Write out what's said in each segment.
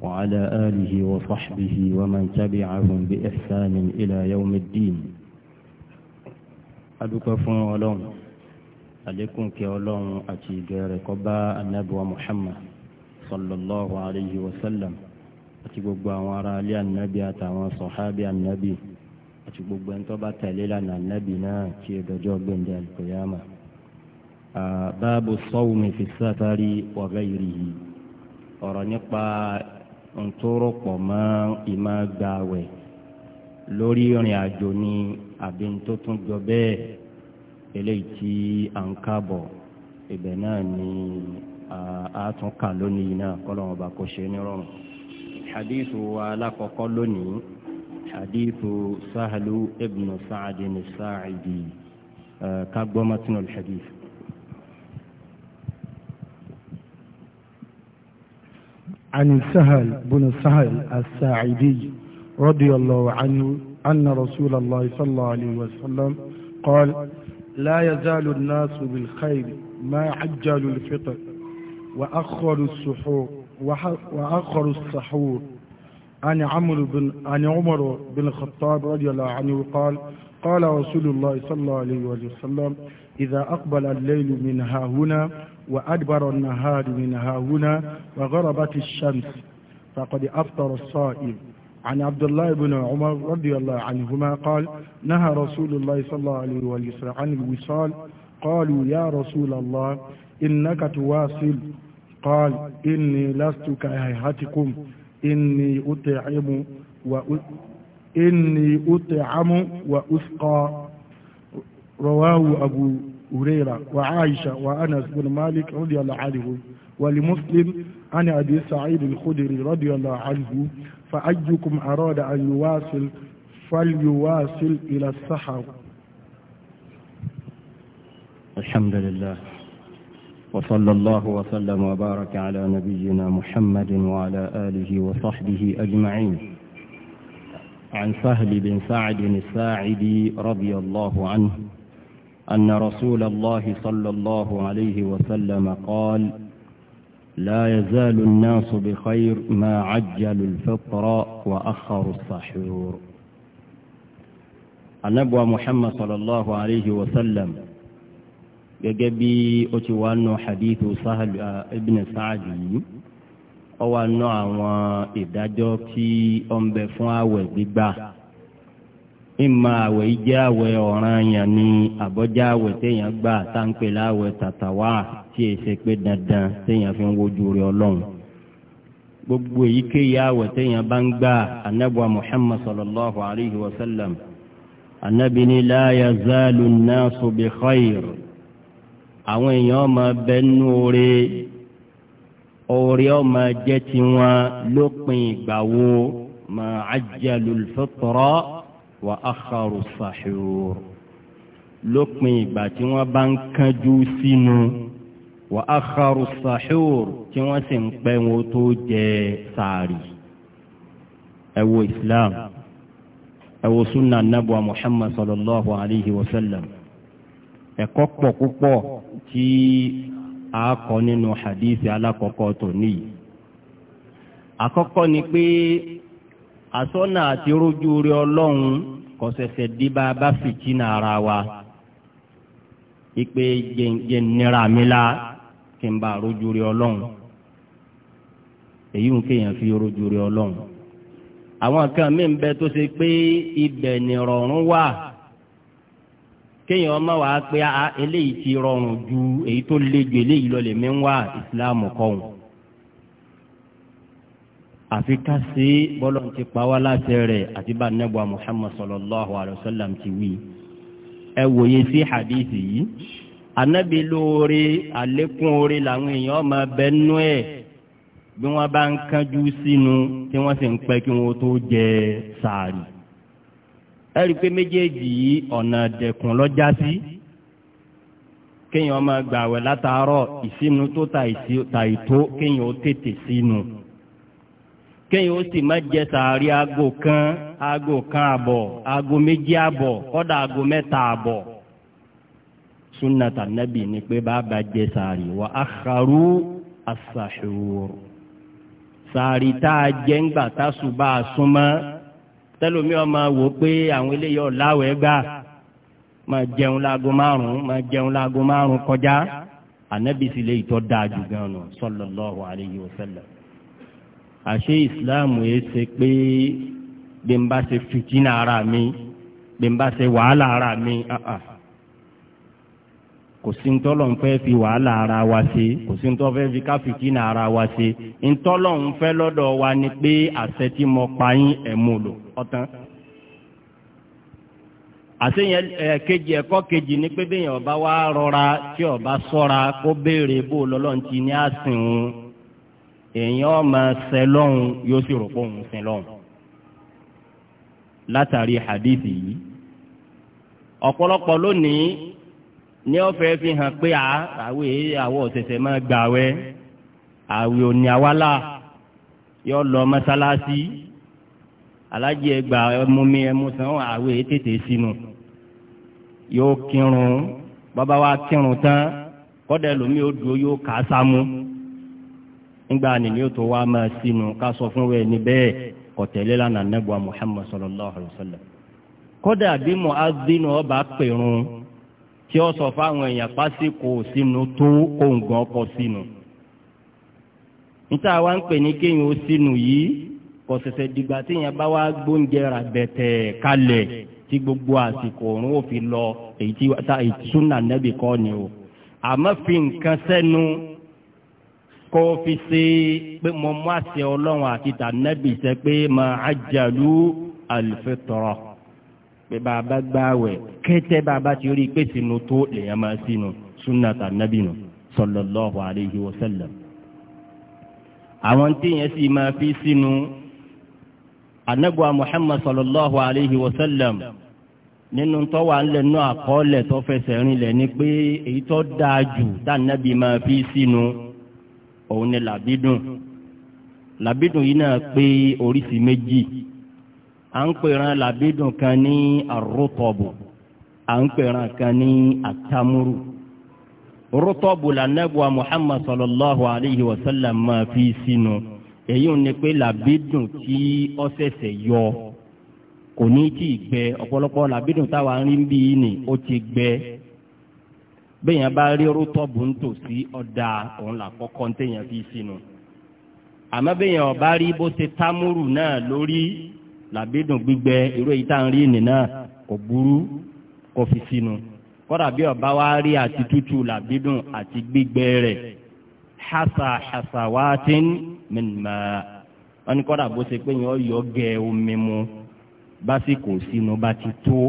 وعلى آله وصحبه ومن تبعهم بإحسان إلى يوم الدين أدوك فون ولون أليكم كي ولون أتي غير قباء النبو محمد صلى الله عليه وسلم أتي قباء وراء لي النبي أتوى صحابي النبي أتي قباء انتبه تليلنا النبي نا كي دجو بند القيامة آه، باب الصوم في السفر وغيره ورنقبا ntòrọpọ̀ mọ́ ìmọ̀ gbààwẹ̀ lórí ìrìn àjò ni àbí tó tún jọ bẹ́ẹ̀ eléyìí tí à ń kábọ̀ ibẹ̀ náà ni a tún kà lónìí náà kọ́lọ́mù bá kó ṣe nírọ̀rùn. hadithu wa alákọ̀ọ́kọ́ lónìí hadithu sahlu ibnu sa'adin sa'idi kagbọ́mọ́tínú hadithu. عن سهل بن سهل الساعدي رضي الله عنه أن رسول الله صلى الله عليه وسلم قال لا يزال الناس بالخير ما عجل الفطر وأخر السحور وأخر السحور عن عمر بن عن عمر بن الخطاب رضي الله عنه قال قال رسول الله صلى الله عليه وسلم إذا أقبل الليل من ها هنا وأدبر النهار من هاهنا وغربت الشمس فقد أفطر الصائم عن عبد الله بن عمر رضي الله عنهما قال نهى رسول الله صلى الله عليه وسلم عن الوصال قالوا يا رسول الله إنك تواصل قال إني لست كأهاتكم إني أطعم وأ... إني أطعم وأسقى رواه أبو هريرة وعائشة وأنس بن مالك رضي الله عنه ولمسلم عن أبي سعيد الخدري رضي الله عنه فأيكم أراد أن يواصل فليواصل إلى السحر الحمد لله وصلى الله وسلم وبارك على نبينا محمد وعلى آله وصحبه أجمعين عن سهل بن سعد الساعدي رضي الله عنه أن رسول الله صلى الله عليه وسلم قال لا يزال الناس بخير ما عجل الفطر وأخر السحور النبوة محمد صلى الله عليه وسلم gẹ́gẹ́ bí ó ti wá nù hadithu sahal ibn sa'ad yìí ó wá àwọn ìdájọ́ tí ó ń bẹ fún àwẹ̀ gbígbà ìmọ̀ àwẹ̀ ìjẹ́ àwẹ̀ ọ̀ràn yẹn ni àbọ̀já àwẹ̀ téèyàn gbà táǹpẹ̀ láwẹ̀ tàtàwá tí è ṣe pé dandan téèyàn fi ń wojú rẹ̀ ọlọ́run gbogbo èyíkéyìí àwẹ̀ téèyàn bá ń gbà anábọ̀ muhammad sallallahu alayhi wa sallam anábì ní la yazalu nnasu bi khair àwọn èèyàn máa bẹnu oore oore ọmọ jẹ́ tiwọn lópin ìgbà wo ma ajjalul fitra wà akharu sahur lópin ìgbà tí wọ́n bá ń kánjú sínú wà akharu sahur tí wọ́n sì ń pẹ́ wọn tó jẹ sàárì ẹ wo islam ẹ wo sunna nabu muhammad sallallahu alayhi wa sallam ẹ̀kọ́ pọ̀ púpọ̀ tí a kọ nínú hadith alákọ̀ọ́kọ́ tòní yìí ni pé àsọ́nà àti rójú rí ọlọ́run kò ṣẹ̀ṣẹ̀ di bá a bá fìtínà ara wa ipe jẹ̀ǹjẹ̀ nira mi la kí n bá rójú rí ọlọ́run èyí ń kéèyàn fi rójú rí ọlọ́run àwọn kan mí ń bẹ tó ṣe pé ibẹ̀ nìrọ̀rùn wà kéèyàn ọmọ wa pé eléyìí ti rọrùn ju èyí tó le ju eléyìí lọ lèmi ń wá ìsìláàmù kọ́hún àfi ká sí bọ́lọ̀ ti pa wá láti rẹ̀ àti bá nẹ́bùa muhammad sallallahu alayhi wa sallam ti wí. ẹ wòye sí hadith yìí anabi lóore àlékún oore làwọn èèyàn máa bẹ nú ẹ bí wọn bá ń kánjú sínú tí wọn sì ń pẹ kí wọn tó jẹ sàárì. ẹ rí i pé méjèèjì yìí ọ̀nà dẹ̀kùn lọ́jà sí kéèyàn máa gbààwẹ̀ látàárọ̀ ìsínú tó ta ìtó kéèyàn ó tètè sínú. Si kéyìn ó sì má jẹ sàárì aago kan aago kan àbọ̀ aago méjì àbọ̀ kọ́dà aago mẹ́ta àbọ̀ sunnata nabi ni pé bàbá jẹ sàárì wa akharu as-sahur sàárì tá a jẹ ńgbà tásùbà súnmọ́ tẹlomi ọmọ wò pé àwọn eléyìí ọ̀làwẹ̀ gbà máa jẹun láago márùn-ún máa jẹun láago márùn-ún kọjá ànábìsí lè tọ́ dáa jù gan-an sallallahu alayhi wa sallam àṣé ìsìláàmù yìí ṣe pé bí n bá ṣe fìtínà ara mi bí n bá ṣe wàhálà ara mi kò sí ntọ́lọ̀ ń fẹ́ fi wàhálà ara wa ṣe kò sí ntọ́ fẹ́ fi káfìtínà ara wa ṣe ntọ́lọ̀ ń fẹ́ lọ́dọ̀ wa ni pé àṣẹ tí mo pa yín ẹ̀ mú lò ọ̀tán àṣeyàn ẹ kejì ẹ̀kọ́ kejì ní pé bẹyàn ọba wa rọra tí ọba ṣọ́ra kó béèrè bó lọlọ́n ti ní àsìn òun èèyàn máa sẹ lọ́hùn yóò sì rò pé òun látàrí hadithi yìí ọ̀pọ̀lọpọ̀ lónìí ní ọ̀fẹ́ fi hàn pé à àwọ̀ àwọ̀ ọ̀sẹ̀sẹ̀ máa gbàwẹ̀ àwẹ̀ òní àwálà yóò lọ mọ́sálásí alájí ẹgbà ẹmúmi ẹmúsàn àwẹ̀ tètè sínú yóò kírun bàbá wa kírun tán kọ́dẹ̀ lómi ó dúró yóò kà á sámú. nígbà nìyí tó wá máa sínú ká sọ fún wẹ́ẹ̀ ní bẹ́ẹ̀ kọ̀tẹ́lẹ́ lánàá nẹ́bùà Muhammad sallallahu wa kódà bí ọba pèrún tí ó sọ fáwọn èèyàn pásíkò sínú tó òǹgàn ọkọ̀ sínú níta wá ń pè ní kéèyàn ó sínú yìí kò dìgbà bá wá gbóúnjẹ rà gbogbo àsìkò lọ èyí tí nẹ́bì ni o àmọ́ fi kó fi ṣe pé mo mú àṣẹ ọlọ́run àti tànẹ́bì ṣe pé mà á jàlú àlùfẹ́tọ̀rọ̀ pé bàbá gbààwẹ̀ kẹ́tẹ́ bàbá ti rí pé sínú tó lèèyàn máa sínú súnà tànẹ́bì nù sallallahu alayhi wa sallam. àwọn tíyẹn sì máa fi sínú anabuwa muhammad sallallahu alayhi wa nínú tó wà ńlẹ̀ náà àkọọ́lẹ̀ tó fẹsẹ̀ rinlẹ̀ ni pé èyí tó dáa jù tànẹ́bì máa fi sínú òun ni làbídùn làbídùn yìí náà pé oríṣi méjì à ń pèrán làbídùn kan ní àrótọ̀bù à ń pèrán kan ní àtàmúrù rótọ̀bù lànàbùwà muhammad sallallahu alayhi wa sallam máa fi sínú èyí ò ní pé làbídùn tí ó ṣẹ̀ṣẹ̀ yọ kò ní tí ì gbẹ ọ̀pọ̀lọpọ̀ làbídùn táwa ń rí bí yìí ni ó ti gbẹ bẹ́ẹ̀yàn bá rí rótọ́bù nítòsí ọ̀dà òun làkọ́kọ́ ń tẹ̀yàn fi sínú àmọ́ bẹ́ẹ̀yàn ọ̀bá rí bó ṣe támúrù náà lórí làbídùn gbígbẹ irú èyí tá à ń rí nì náà kò burú kò fi sínú kọ́dà bí ọ̀bá wá rí àti tútù làbídùn àti gbígbẹ rẹ̀ hasa hasa wá ti ń mìnìmá wọn ni kọ́dà bó ṣe pé yẹn ọ̀yọ́ gẹ omi mu bá sì kò sínú bá ti tó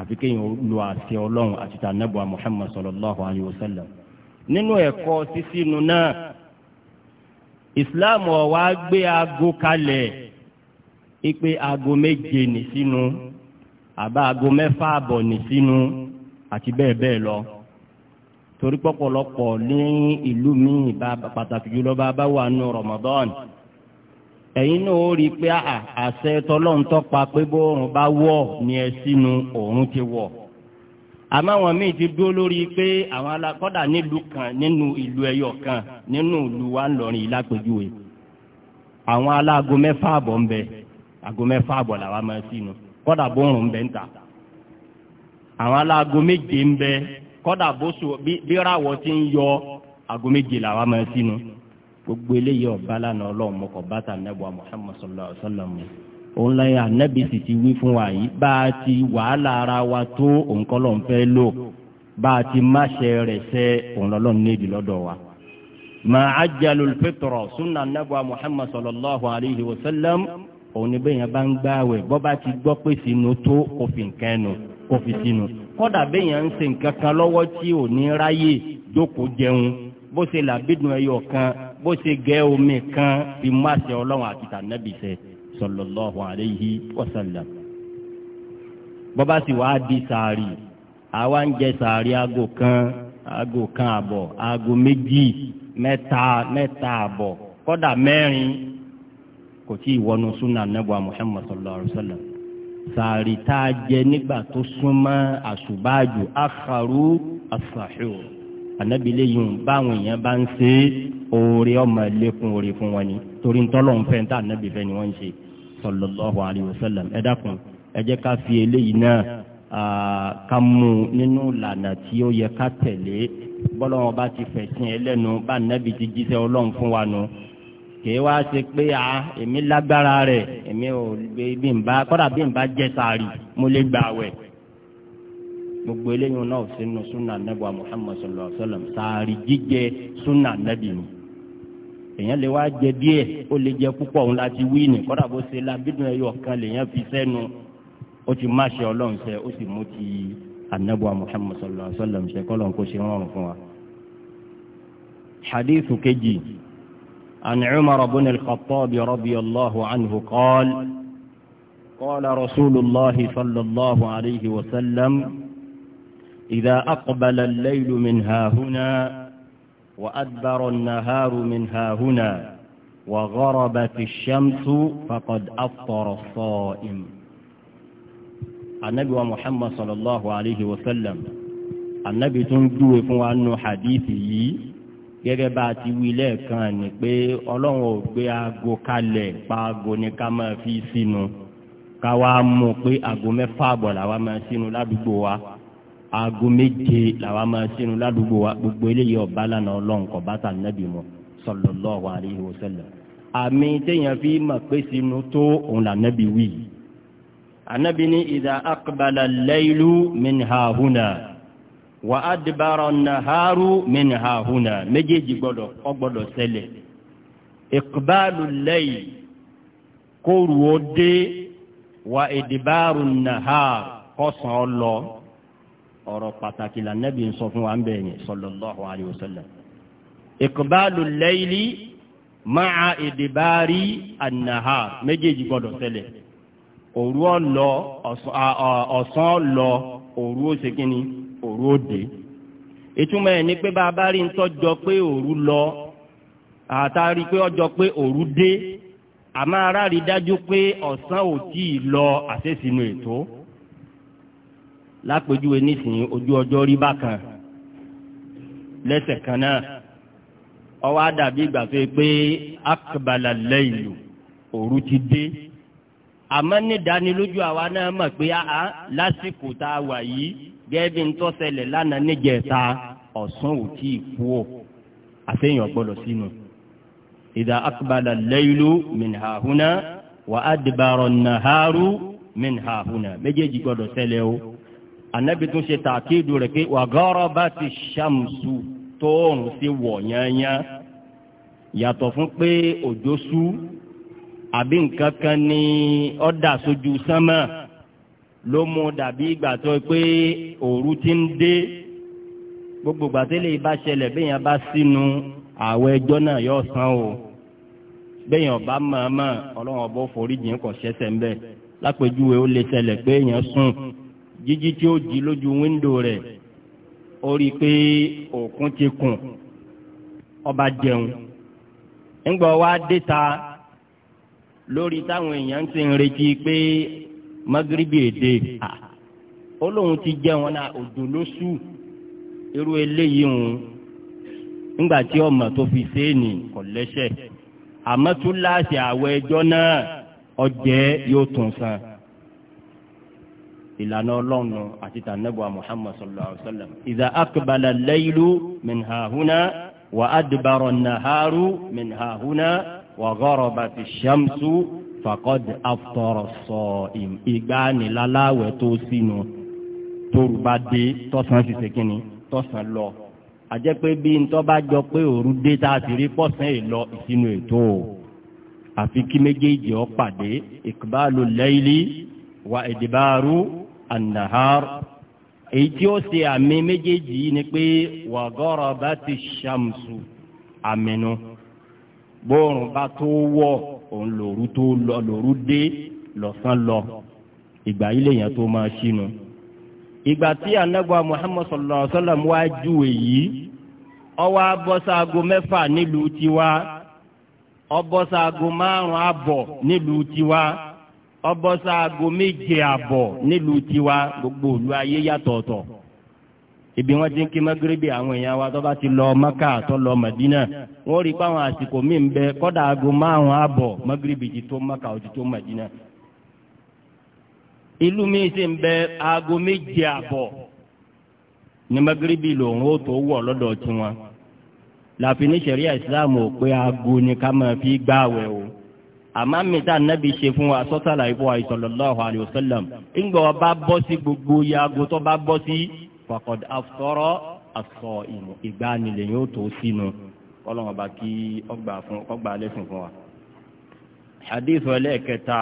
àfi kéèyàn lu àṣẹ ọlọ́run àti tànàbùà muhammad sallallahu alayhi wa sallam nínú ẹ̀kọ́ sísínu náà islam ọ̀wá gbé aago kalẹ̀ ipe aago méje ní sínú àbá aago mẹ́fà àbọ̀ ní sínú àti bẹ́ẹ̀ bẹ́ẹ̀ lọ torí pọ̀pọ̀lọpọ̀ ní ìlú míì pàtàkì jùlọ bá bá wà nù ramadan. ẹ̀yin náà ó rí i pé àṣẹ tọlọ́run tó pa pé bóòrùn bá wọ̀ ni ẹ sínú òòrùn ti wọ̀ àmọ́ àwọn míì ti dúró lórí pé àwọn alákọ́dà nílùú kan nínú ìlú ẹyọ kan nínú ìlú wa ń lọrin ìlápẹ̀júwe àwọn aláago mẹ́fà àbọ̀ ń bẹ àgọ́ mẹ́fà àbọ̀ làwọn máa sínú kọ́dà bóòrùn ń bẹ ń àwọn aláago méje ń bẹ kọ́dà bóṣù bí ráwọ̀ ti ń yọ àgọ́ méje làwa máa sínú. gbogbo eléyìí ọba lánàá ọlọ́run mo kọ̀ bàtà nẹ́bù Muhammad sallallahu alaihi wasallam òun láyé ànábì sì ti wí fún wa yìí bá a ti wàhálà ara wa tó òun kọ́ lọ́n fẹ́ lò bá a ti má ṣe rẹ̀ ṣe òun níbi lọ́dọ̀ wa. mà á jẹ́lu pétrọ̀ sunna nẹ́bù Muhammad sallallahu alaihi wasallam òun ni bẹ́ẹ̀ yẹn bá ń gbààwẹ̀ bọ́ bá ti gbọ́ pé sínú tó òfin kẹ́nu òfin sínú kọ́dà bẹ́ẹ̀ yẹn ń ṣe nǹkan kan tí ò ní ráyè jókòó jẹun bó ṣe làbídùn ẹyọ kan bó ṣe gẹ omi kan fi má ṣe ọlọ́run àti tànàbì ṣe sallallahu alayhi wa bọ́bá sì wá di sàárì àwa ń jẹ sàárì aago kan aago aago méjì mẹ́ta mẹ́ta àbọ̀ kọ́dà mẹ́rin kò tí ì wọnú súnà sàárì tá a jẹ nígbà tó akharu oore ọmọ ẹlẹ́kùn oore fún wọn ni torí ntọ́lọ̀ ń fẹ́ ń tà nábì fẹ́ ni wọ́n ń ṣe sallallahu alayhi wa sallam ẹ dákun ẹ jẹ́ ká fi eléyìí náà ká mú nínú lànà tí ó yẹ ká tẹ̀lé bọ́lọ́wọ́n bá ti fẹ̀sìn ẹlẹ́nu bá nábì ti jíṣẹ́ ọlọ́run fún wa nu kì í wá ṣe pé a èmi lágbára rẹ̀ èmi ò gbé bí n bá kọ́dà bí n bá jẹ sàárì mo lè gbà wẹ̀ gbogbo eléyìí náà sínú sunna nabi wa muhammad sallallahu alayhi wa sallam sàárì jíjẹ sunna nabi ni èèyàn lè wá jẹ díẹ̀ ó lè jẹ púpọ̀ òun láti wí ní kọ́dà bó ṣe la bídùn ẹyọ kan lèèyàn fi sẹ́nu ó ti má ṣe ọlọ́run ṣe ó sì mú ti anabuwa muhammad sallallahu alaihi wa sallam ṣe kọ́lọ́n kó ṣe rọrùn fún wa. hadith kejì an umar bin al-khattab radiyallahu anhu qaal قال رسول الله صلى الله عليه وسلم إذا أقبل الليل من هاهنا وأدبر النهار منها هنا، وغربت الشمس فقد أفطر الصائم النبي محمد صلى الله عليه وسلم النبي تنجو فوانو حديثي gẹ́gẹ́ bá a ti wí lẹ́ẹ̀kan ni pé ọlọ́run ò gbé aago kalẹ̀ pa aago ni ká máa fi sínú ká wá mú pé aago mẹ́fà àbọ̀ làwa máa sínú ládùúgbò wa aago méje làwa máa sínú ládùúgbò wa gbogbo eléyìí ọba lánàá ọlọ́run kọ bá tà nẹ́bì mọ́ sallallahu alaihi wasallam àmì téèyàn fi mà pé sínú tó òun là nẹ́bì wí. ànẹ́bì ní idha aqbala al-laylu min hahuna wa adbara an méjèèjì gbọ́dọ̀ ọ gbọ́dọ̀ ṣẹlẹ̀ iqbalu al kóru ó dé wa idbaru an kọ́sàn-án lọ ọ̀rọ̀ pàtàkì la nẹ́bí ń sọ fún wa ń bẹ̀ yẹn sallallahu alayhi wa sallam. ìkùbálù lẹ́yìlì máa ìdìbárí ànàhà méjèèjì gbọ́dọ̀ ṣẹlẹ̀ òru ọ̀lọ́ ọ̀sán ọ̀lọ́ òru ó ṣe kínní òru ó dé. ìtumọ̀ ẹ̀ ni pé bá a bá rí ń tọ́jọ pé òru lọ àtàrí pé ọjọ́ pé òru dé àmọ́ aráàlú dájú pé ọ̀sán ò tíì lọ àṣẹ́sínú ètò lápèjúwe nísìnyí ojú ọjọ́ rí bákan lẹ́sẹ̀ kan náà ọwọ́ àdàbí ìgbà tó yẹ pé akabala lẹ́yìnlò òru ti dé àmọ́ nídánilójú àwa náà mọ̀ pé àá lásìkò tá a wà yìí gẹ́gẹ́ ń tọ́sẹ̀lẹ̀ lánàá níjẹta ọ̀sán ò tí ì kú ọ̀ àfẹ́yìn gbọ́dọ̀ sínú. ìdá akabala lẹ́yìnlò mìnhàhùnà wà á dìbàrọ̀ nàhàrù mìnhàhùnà méjèèjì gbọ́dọ̀ ṣẹlẹ̀ o anabi tún ṣe tàkìdù rẹ̀ pé wàgọ́rọ̀ bá ti ṣàmùsù tóòrùn sí wọ̀ yányán yàtọ̀ fún pé òjò sú àbí nǹkan kan ni ọ̀dà sójú sánmà ló mú dàbí ìgbà tó pé òru ti ń dé gbogbo gbàtẹ́lẹ̀ bá ṣẹlẹ̀ bẹ́yàn bá sínú àwọ̀ ẹjọ́ náà yọ san o bẹ́yàn bá mọ̀ọ́mọ̀ ọlọ́run ọ̀bọ foríjì ń kọ̀ ṣẹ́ṣẹ̀ ń bẹ̀ lápèjúwe ó lè ṣẹlẹ̀ pé èèyàn sùn jíjí tí ó jí lójú wíńdò rẹ̀ ó rí i pé òkun ti kùn ọba jẹun ńgbà wá déta lórí táwọn èèyàn ti ń retí pé magrebi èdè ó lóun ti jẹun náà òjò ló ṣú irú eléyìí ń ńgbà tí ọmọ tó fi séènì kò lẹ́sẹ̀ àmọ́ tún láàṣì àwọ̀ ẹjọ́ náà ọjẹ́ yóò tún san ìlànà ọlọ́run àti tànẹ́bù Muhammad sallallahu alaihi wa sallam. idha aqbala al-laylu min hahuna wa adbara an-naharu min hahuna wa gharabati ash-shamsu faqad aftara as-sa'im. ìgbà níláláwẹ̀ tó sínú tóru bá dé tọ́sán ti sèkínni tọ́sán lọ. àjẹpẹ́ bí ntọ́ bá jọ pé òru dé tá a ti rí pọ́sán èlọ ìsinú ètò àfi kí méjèèjì ọ pàdé ìkbálù lẹ́yìlì wà ìdìbàrú an-nahar èyí tí ó ṣe àmì méjèèjì yìí ni pé wa gharabati shamsu àmìnú bóòrùn bá tó wọ̀ òun lòrú tó lọ lòrú dé lọ́sàn lọ ìgbà yìí lèèyàn tó máa ṣínú ìgbà tí anagba muhammad sallallahu alaihi wa wá júwe yìí ọwọ́ abọ́sáago mẹ́fà nílùú tiwa ọbọ́sáago márùn-ún nílùú tiwa. ọbọ̀sá aago méje àbọ̀ nílùú tiwa gbogbo ìlú ayé yàtọ̀ọ̀tọ̀ ibi wọn ti ń kí magrebi àwọn èèyàn wa tó bá ti lọ maka tó lọ madina wọn rí i pé àwọn àsìkò míì ń bẹ kọ́dà aago márùn àbọ̀ magrebi ti tó maka ó ti tó madina ìlú míì sì ń bẹ aago méje àbọ̀ ní magrebi lòun ó tó wọ̀ lọ́dọ̀ tiwọn láfi ní ṣẹ̀ríà ìsìláàmù ò pé aago ni ká máa fi gbáwẹ̀ o. àmọ́ mẹ́ta nábì ṣe fún wa sọ́sàlà ìfọ́ wa sallallahu alayhi wa sallam ńgbà wa bá bọ́ sí gbogbo yaago tó bá bọ́ sí faqad aftara as-sa'im ìgbàanilẹ̀ yóò tó sínú kọ́lọ́mọ̀ bá kí ọgbà fún ọgbà lẹ́sìn fún wa. hadith ẹlẹ́kẹta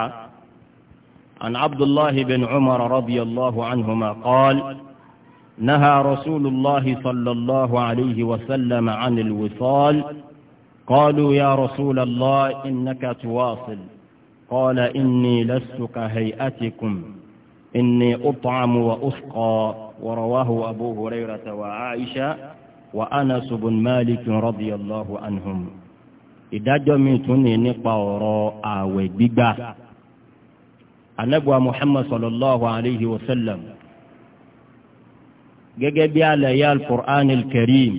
an abdullahi bin umar radiyallahu anhuma qala naha rasulillahi sallallahu alayhi wa sallam anil wisal. قالوا يا رسول الله إنك تواصل قال إني لست كهيئتكم إني أطعم وأسقى ورواه أبو هريرة وعائشة وأنس بن مالك رضي الله عنهم ìdájọ́ mi tún ní nípa ọ̀rọ̀ ààwẹ̀ gbígbà anabuwa muhammad sallallahu alayhi wa sallam gẹ́gẹ́ bí àlàyé al-qur'an al-karim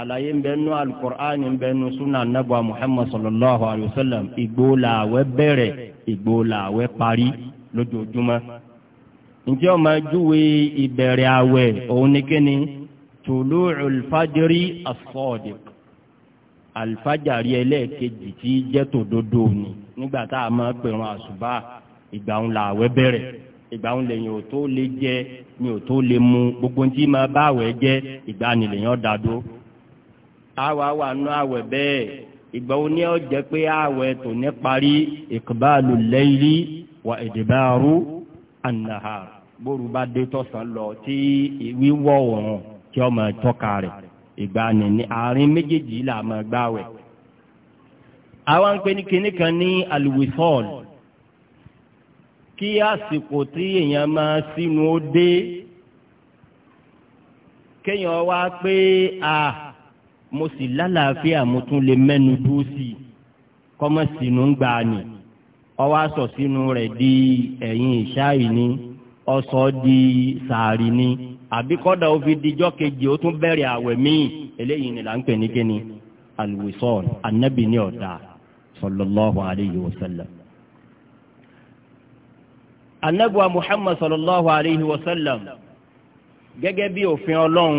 àlàyé ń bẹnu alukur'an ń bẹnu sunna anabuwa muhammad sallallahu alayhi wa sallam ìgbóòlàwẹ́ bẹ̀rẹ̀ ìgbóòlàwẹ́ parí lójoojúmọ́ ǹjẹ́ ó máa júwe ìbẹ̀rẹ̀ àwẹ̀ òun ni kíni tùlú alfajiri as-sadiq alfajari ẹlẹ́ẹ̀kejì tí jẹ́ tòdodo ni nígbà tá a máa pẹ̀rùn àṣùbà ìgbà òun là àwẹ̀ bẹ̀rẹ̀ ìgbà òun lèyìn ò tó lè jẹ ni ò tó lè mu gbogbo ní tí máa bá àwẹ̀ jẹ́ ìgbà nìlèyàn dàdó àwa wà nù àwẹ̀ bẹ́ẹ̀ ìgbà wo ni ó jẹ́ pé àwẹ̀ tó ní parí ìkbàlù lẹ́yìlì wà ìdìbàrú ànàhàr bóru bá dé tọ̀sán lọ tí wíwọ̀ oòrùn tí ó máa tọ́ka rẹ̀ ìgbà nìní àárín méjèèjì là máa gbàwẹ̀. àwa ń pè ní kinní kan ní alwisol kí àsìkò tí èèyàn máa sínú ó dé kéèyàn wá pé a. Ah, mo sì lálàáfíà mo tún lè mẹ́nu dúró sí i kọ́mọ́ sínú ń gbà ní ọwọ́ aṣọ sínú rẹ̀ di ẹ̀yìn ìṣáì ní ọsọ di sàárì ní àbí kọ́dà ó fi dijọ́ kejì ó tún bẹ̀rẹ̀ àwẹ̀ míì eléyìí ni là ń pè ní kíni alwisọ́ọ̀n anabi ní ọ̀dà sallallahu alayhi wa sallam. anabuwa muhammad sallallahu alayhi wa sallam gẹ́gẹ́ bí òfin ọlọ́run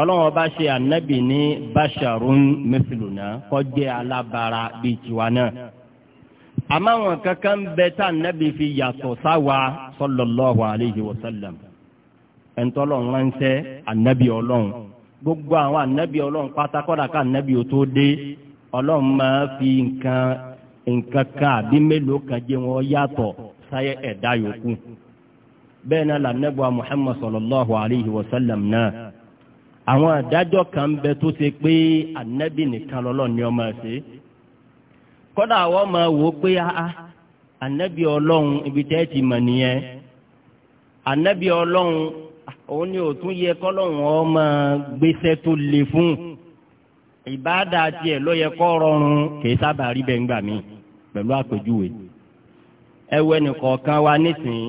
ọlọ́run ọba ṣe ànábì ní basharun mẹsìlùnà kọjá alábara bíi tiwa náà àmọ́ àwọn kankan bẹ tá ànábì fi yàtọ̀ sáwa sallallahu alayhi wa sallam ẹ̀ńtọ́lọ́run ránṣẹ́ ànábì ọlọ́run gbogbo àwọn ànábì ọlọ́run pátákọ́dà ká ànábì ó tó dé ọlọ́run máa fi nǹkan nǹkan kan àbí mélòó kan jẹ́ wọn yàtọ̀ sáyẹ ẹ̀dá yòókù bẹ́ẹ̀ náà làǹdẹ́gbọ́ Muhammad sallallahu alayhi wa sallam náà àwọn àdájọ́ kan ń bẹ tó ṣe pé ànábì nìkan lọ́lọ́ ni ọmọ ṣe kọ́dà àwọn ọmọ wò ó pé ànábì ọlọ́run ibi tẹ́ ti mọ̀ nìyẹn ànábì ọlọ́run òun ni òtún yẹ kọ́lọ́run ọmọ gbéṣẹ́ tó le fún ìbáàdà tiẹ̀ ló yẹ kọ́ rọrùn kìí sábà rí bẹ́ẹ̀ ńgbà mí pẹ̀lú àpèjúwe ẹwẹ́ nìkọ̀ọ̀kan wa nísìnyí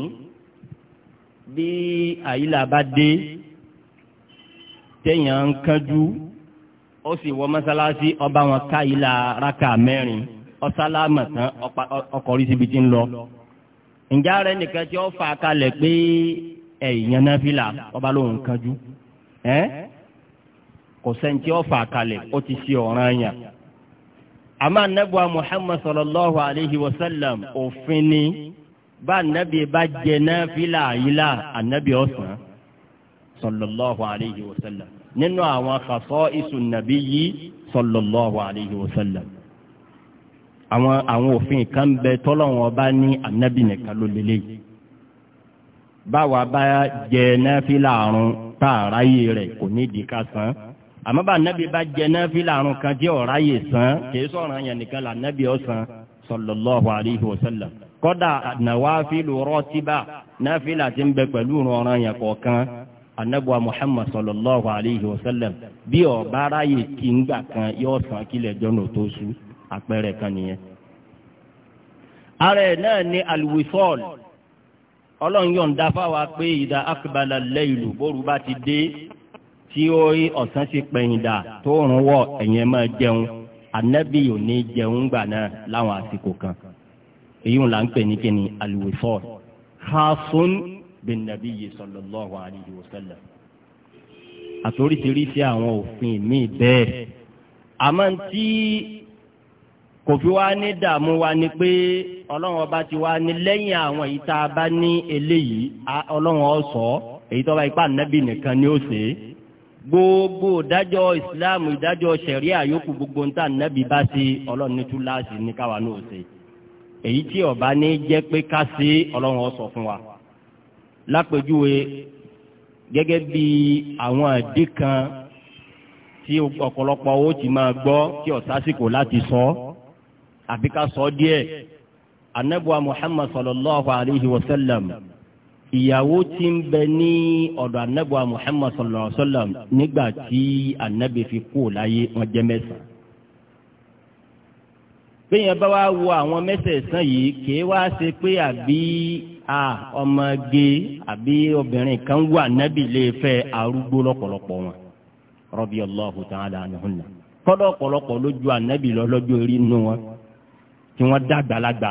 bí àyílà bá dé téèyàn ń kánjú ó sì wọ mọ́sálásí ọba wọn ká ilà raka mẹ́rin ọ̀sálámà tán ọkọ̀rí síbi tí ń lọ. ǹjẹ́ ara ẹnìkan tí ó fà kalẹ̀ pé ẹ̀yìn náà fìlà ọba lòun kánjú kò sẹ́ni tí ó fà kalẹ̀ ó ti ṣe ọ̀ràn yàn. àmọ́ anábùwà Muhammad sallallahu alayhi wa sallam òfin ni bá anábì bá jẹ náà fìlà yìí là anábì ọ̀sán sallallahu alayhi wa sallam nínú àwọn khasaisu nabiyyi sallallahu alayhi wa sallam àwọn àwọn òfin kan bẹ tọ́lọ́wọ́n bá ní anabi nìkan ló lélẹ́yìí báwa bá jẹ náfìlà àrùn tá a ráyè rẹ̀ kò ní di ká san àmọ́ bá nábì bá jẹ náfìlà àrùn kan tí ọ̀rá yè san kìí sọ̀rọ̀ yẹn nìkan là nábì ó san sallallahu alayhi wa sallam kọ́dà nàwáfílù rọ́tíbà náfìlà ti ń bẹ pẹ̀lú ọ̀ràn yẹn kọ̀ọ̀kan anabuwa muhammad sallallahu alayhi wa sallam bí ọba aráyè kí n gbà kan yóò san kílẹ̀ jọ́nà tó sú àpẹẹrẹ kan nìyẹn. ara ẹ̀ náà ni alwisol ọlọ́run yọ̀ǹda fáwa pé ìdá akbala lẹ́yìnlú bóru bá ti dé tí ó rí ọ̀sán ti pẹ̀yìndà tó rún wọ̀ ẹ̀yẹn máa jẹun anabi ò ní jẹun gbà náà láwọn àsìkò kan èyí ń là ń pè ní kíni alwisol. khasun bin nabiyyi sallallahu alayhi wa sallam. àtòríṣiríṣi àwọn òfin míì bẹ́ẹ̀ àmọ́ tí kò fi wá ní dààmú wa ni pé ọlọ́run ọba ti wá ní lẹ́yìn àwọn èyí tá a bá ní eléyìí ọlọ́run ó sọ èyí tó bá ipá nábì nìkan ni ó ṣe é gbogbo ìdájọ́ ìsìláàmù ìdájọ́ ṣẹ̀ríà yòókù gbogbo níta nábì bá ṣe ọlọ́run ní túláàsì ní káwa náà ṣe èyí tí ọba ní jẹ́ pé ká ṣe ọlọ́run ó sọ fún wa lápèjúwe gẹ́gẹ́ bí àwọn àdé kan tí ọ̀pọ̀lọpọ̀ ó ti máa gbọ́ tí ọ̀sásìkò láti sọ àbí ká sọ díẹ̀ anabuwa muhammad sallallahu alayhi wa sallam ìyàwó tí ń bẹ ní ọ̀dọ̀ anabuwa muhammad sallallahu alayhi wa sallam nígbà tí anabi fi kú láyé wọn jẹ́ mẹ́sàn-án bẹ́ẹ̀ yẹn bá wá wo àwọn mẹ́sẹ̀ẹ̀sán yìí kì í wá ṣe pé àbí a ọmọge àbí obìnrin kan wà nábì lè fẹ arúgbó lọ́pọ̀lọpọ̀ wọn radiyallahu ta'ala anhunna kọ́dọ̀ ànábì lọ orí inú wọn tí wọ́n dàgbà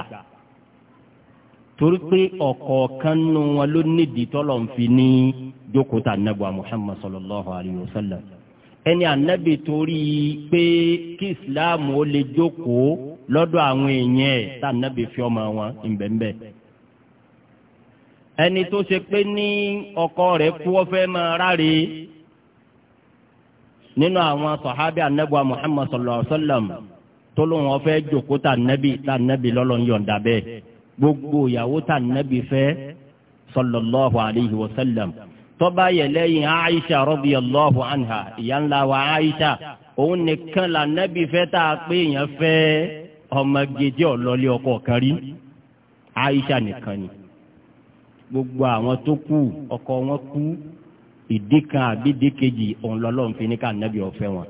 torí pé ọ̀kọ̀ọ̀kan nínú wọn ló nídìí fi ní Muhammad sallallahu ẹni ànábì torí pé kí ó lè jókòó àwọn èèyàn tá ànábì fi ẹni tó ṣe pé ní ọkọ rẹ̀ kú ọfẹ́ máa ráre nínú àwọn sọ̀hábì anábùwà Muhammad sallallahu alaihi wasallam tó lóun ọfẹ́ jòkó tà nẹ́bì tà nẹ́bì lọ́lọ́run yọ̀ǹda bẹ́ẹ̀ gbogbo ìyàwó tà nẹ́bì fẹ́ sallallahu alaihi wasallam tọ́ba yẹ lẹ́yìn Aisha radiyallahu anha ìyá ńlá wa Aisha òun nìkan là nẹ́bì fẹ́ tá a pé èèyàn fẹ́ ọmọge jẹ́ ọ̀lọ́lé ọkọ kan Aisha nìkan ni gbogbo àwọn tó kù ọkọ wọn kú ìdí kan àbí ìdí kejì òun lọ́lọ́run fi ní ká nàbì ọ̀fẹ́ wọn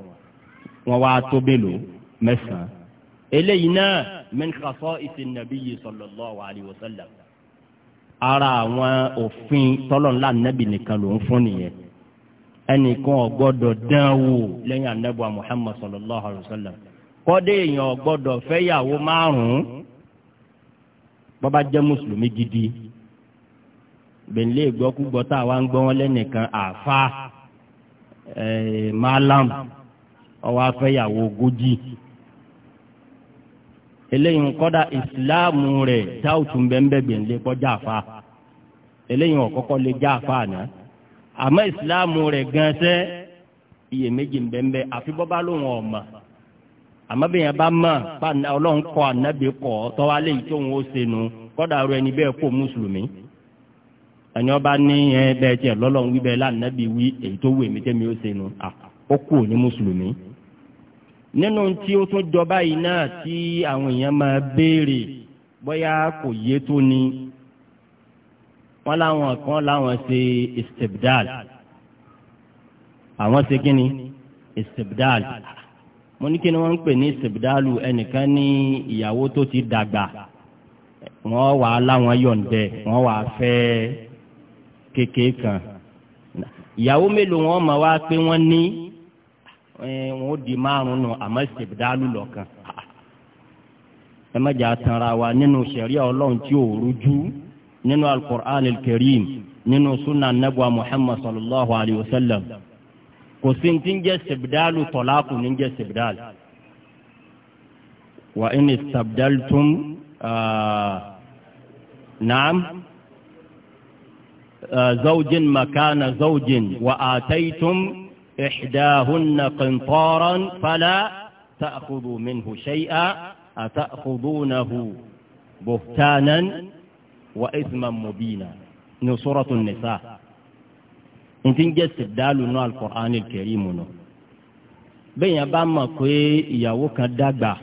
wọn wá tó bèlò mẹ́sàn-án eléyìí náà min khasa'isi nabiyyi sallallahu alayhi wa sallam ara àwọn òfin tọ́lọ̀nlá nàbì nìkan ló ń fún nìyẹn ẹnìkan ò gbọ́dọ̀ dán wò lẹ́yìn anábọ̀ Muhammad sallallahu alayhi wa sallam kọ́dé bẹ̀ńlẹ̀ gbọ́kúgbọ́ tá a wá ń gbọ́ wọn lẹ́nìkan àfa malam ọwọ́ afẹ́yàwó ogójì eléyìí kọ́dà ìsìláàmù rẹ̀ táwùtù ń bẹ́ẹ̀ bẹ̀ńlẹ̀ kọjá àfa eléyìí ọ̀kọ́kọ́ lè já àfa àná àmọ́ ìsìláàmù rẹ̀ gan sẹ́ iyèméjì ń bẹ́ẹ̀ bẹ́ẹ̀ àfi bọ́ bá lóun ọ̀mà àmọ́ bẹ́ẹ̀ yẹn bá mọ̀ ọlọ́run kọ́ ànábì kọ́ tọ́wálé yìí tóun ó ṣe nu kọ́dà rẹ̀ ni bẹ́ẹ̀ kó mùsùlùmí ẹni ọba ní ẹ bẹ́ẹ̀ tiẹ̀ lọ́lọ́run wí bẹ́ẹ̀ lánàbí wí èyí tó wù èmi tẹ́mi ó ṣe nu ó kù ní mùsùlùmí. nínú tí ó tún jọba yìí náà tí àwọn èèyàn máa béèrè bóyá kò yé tó ni wọ́n láwọn kan láwọn ṣe istibdal àwọn ṣe kí ni istibdal mo ní kí ni wọ́n ń pè ní istibdalu ẹnìkan ní ìyàwó tó ti dàgbà wọ́n wà láwọn yọ̀ǹdẹ̀ wọ́n wà fẹ́ẹ́ kékeré kan ìyàwó mélòó wọn máa wá pé wọn ní wọn ó di márùn nù àmọ́ ìṣèbùdálù lọ́kàn ẹ má jà tanra wa nínú sẹ̀ríà ọlọ́run tí ò rújú nínú alukur'an karim nínú sunna anabuwa muhammad sallallahu alayhi wa sallam kò sí ní ti ń tọ́láàkù ní ń jẹ́ wa in istabdaltum naam. زوج مكان زوج وآتيتم إحداهن قنطارا فلا تأخذوا منه شيئا أتأخذونه بهتانا وإثما مبينا من سورة النساء انت جاء استبدال القرآن الكريم بين يباما كوي يوكا كدابا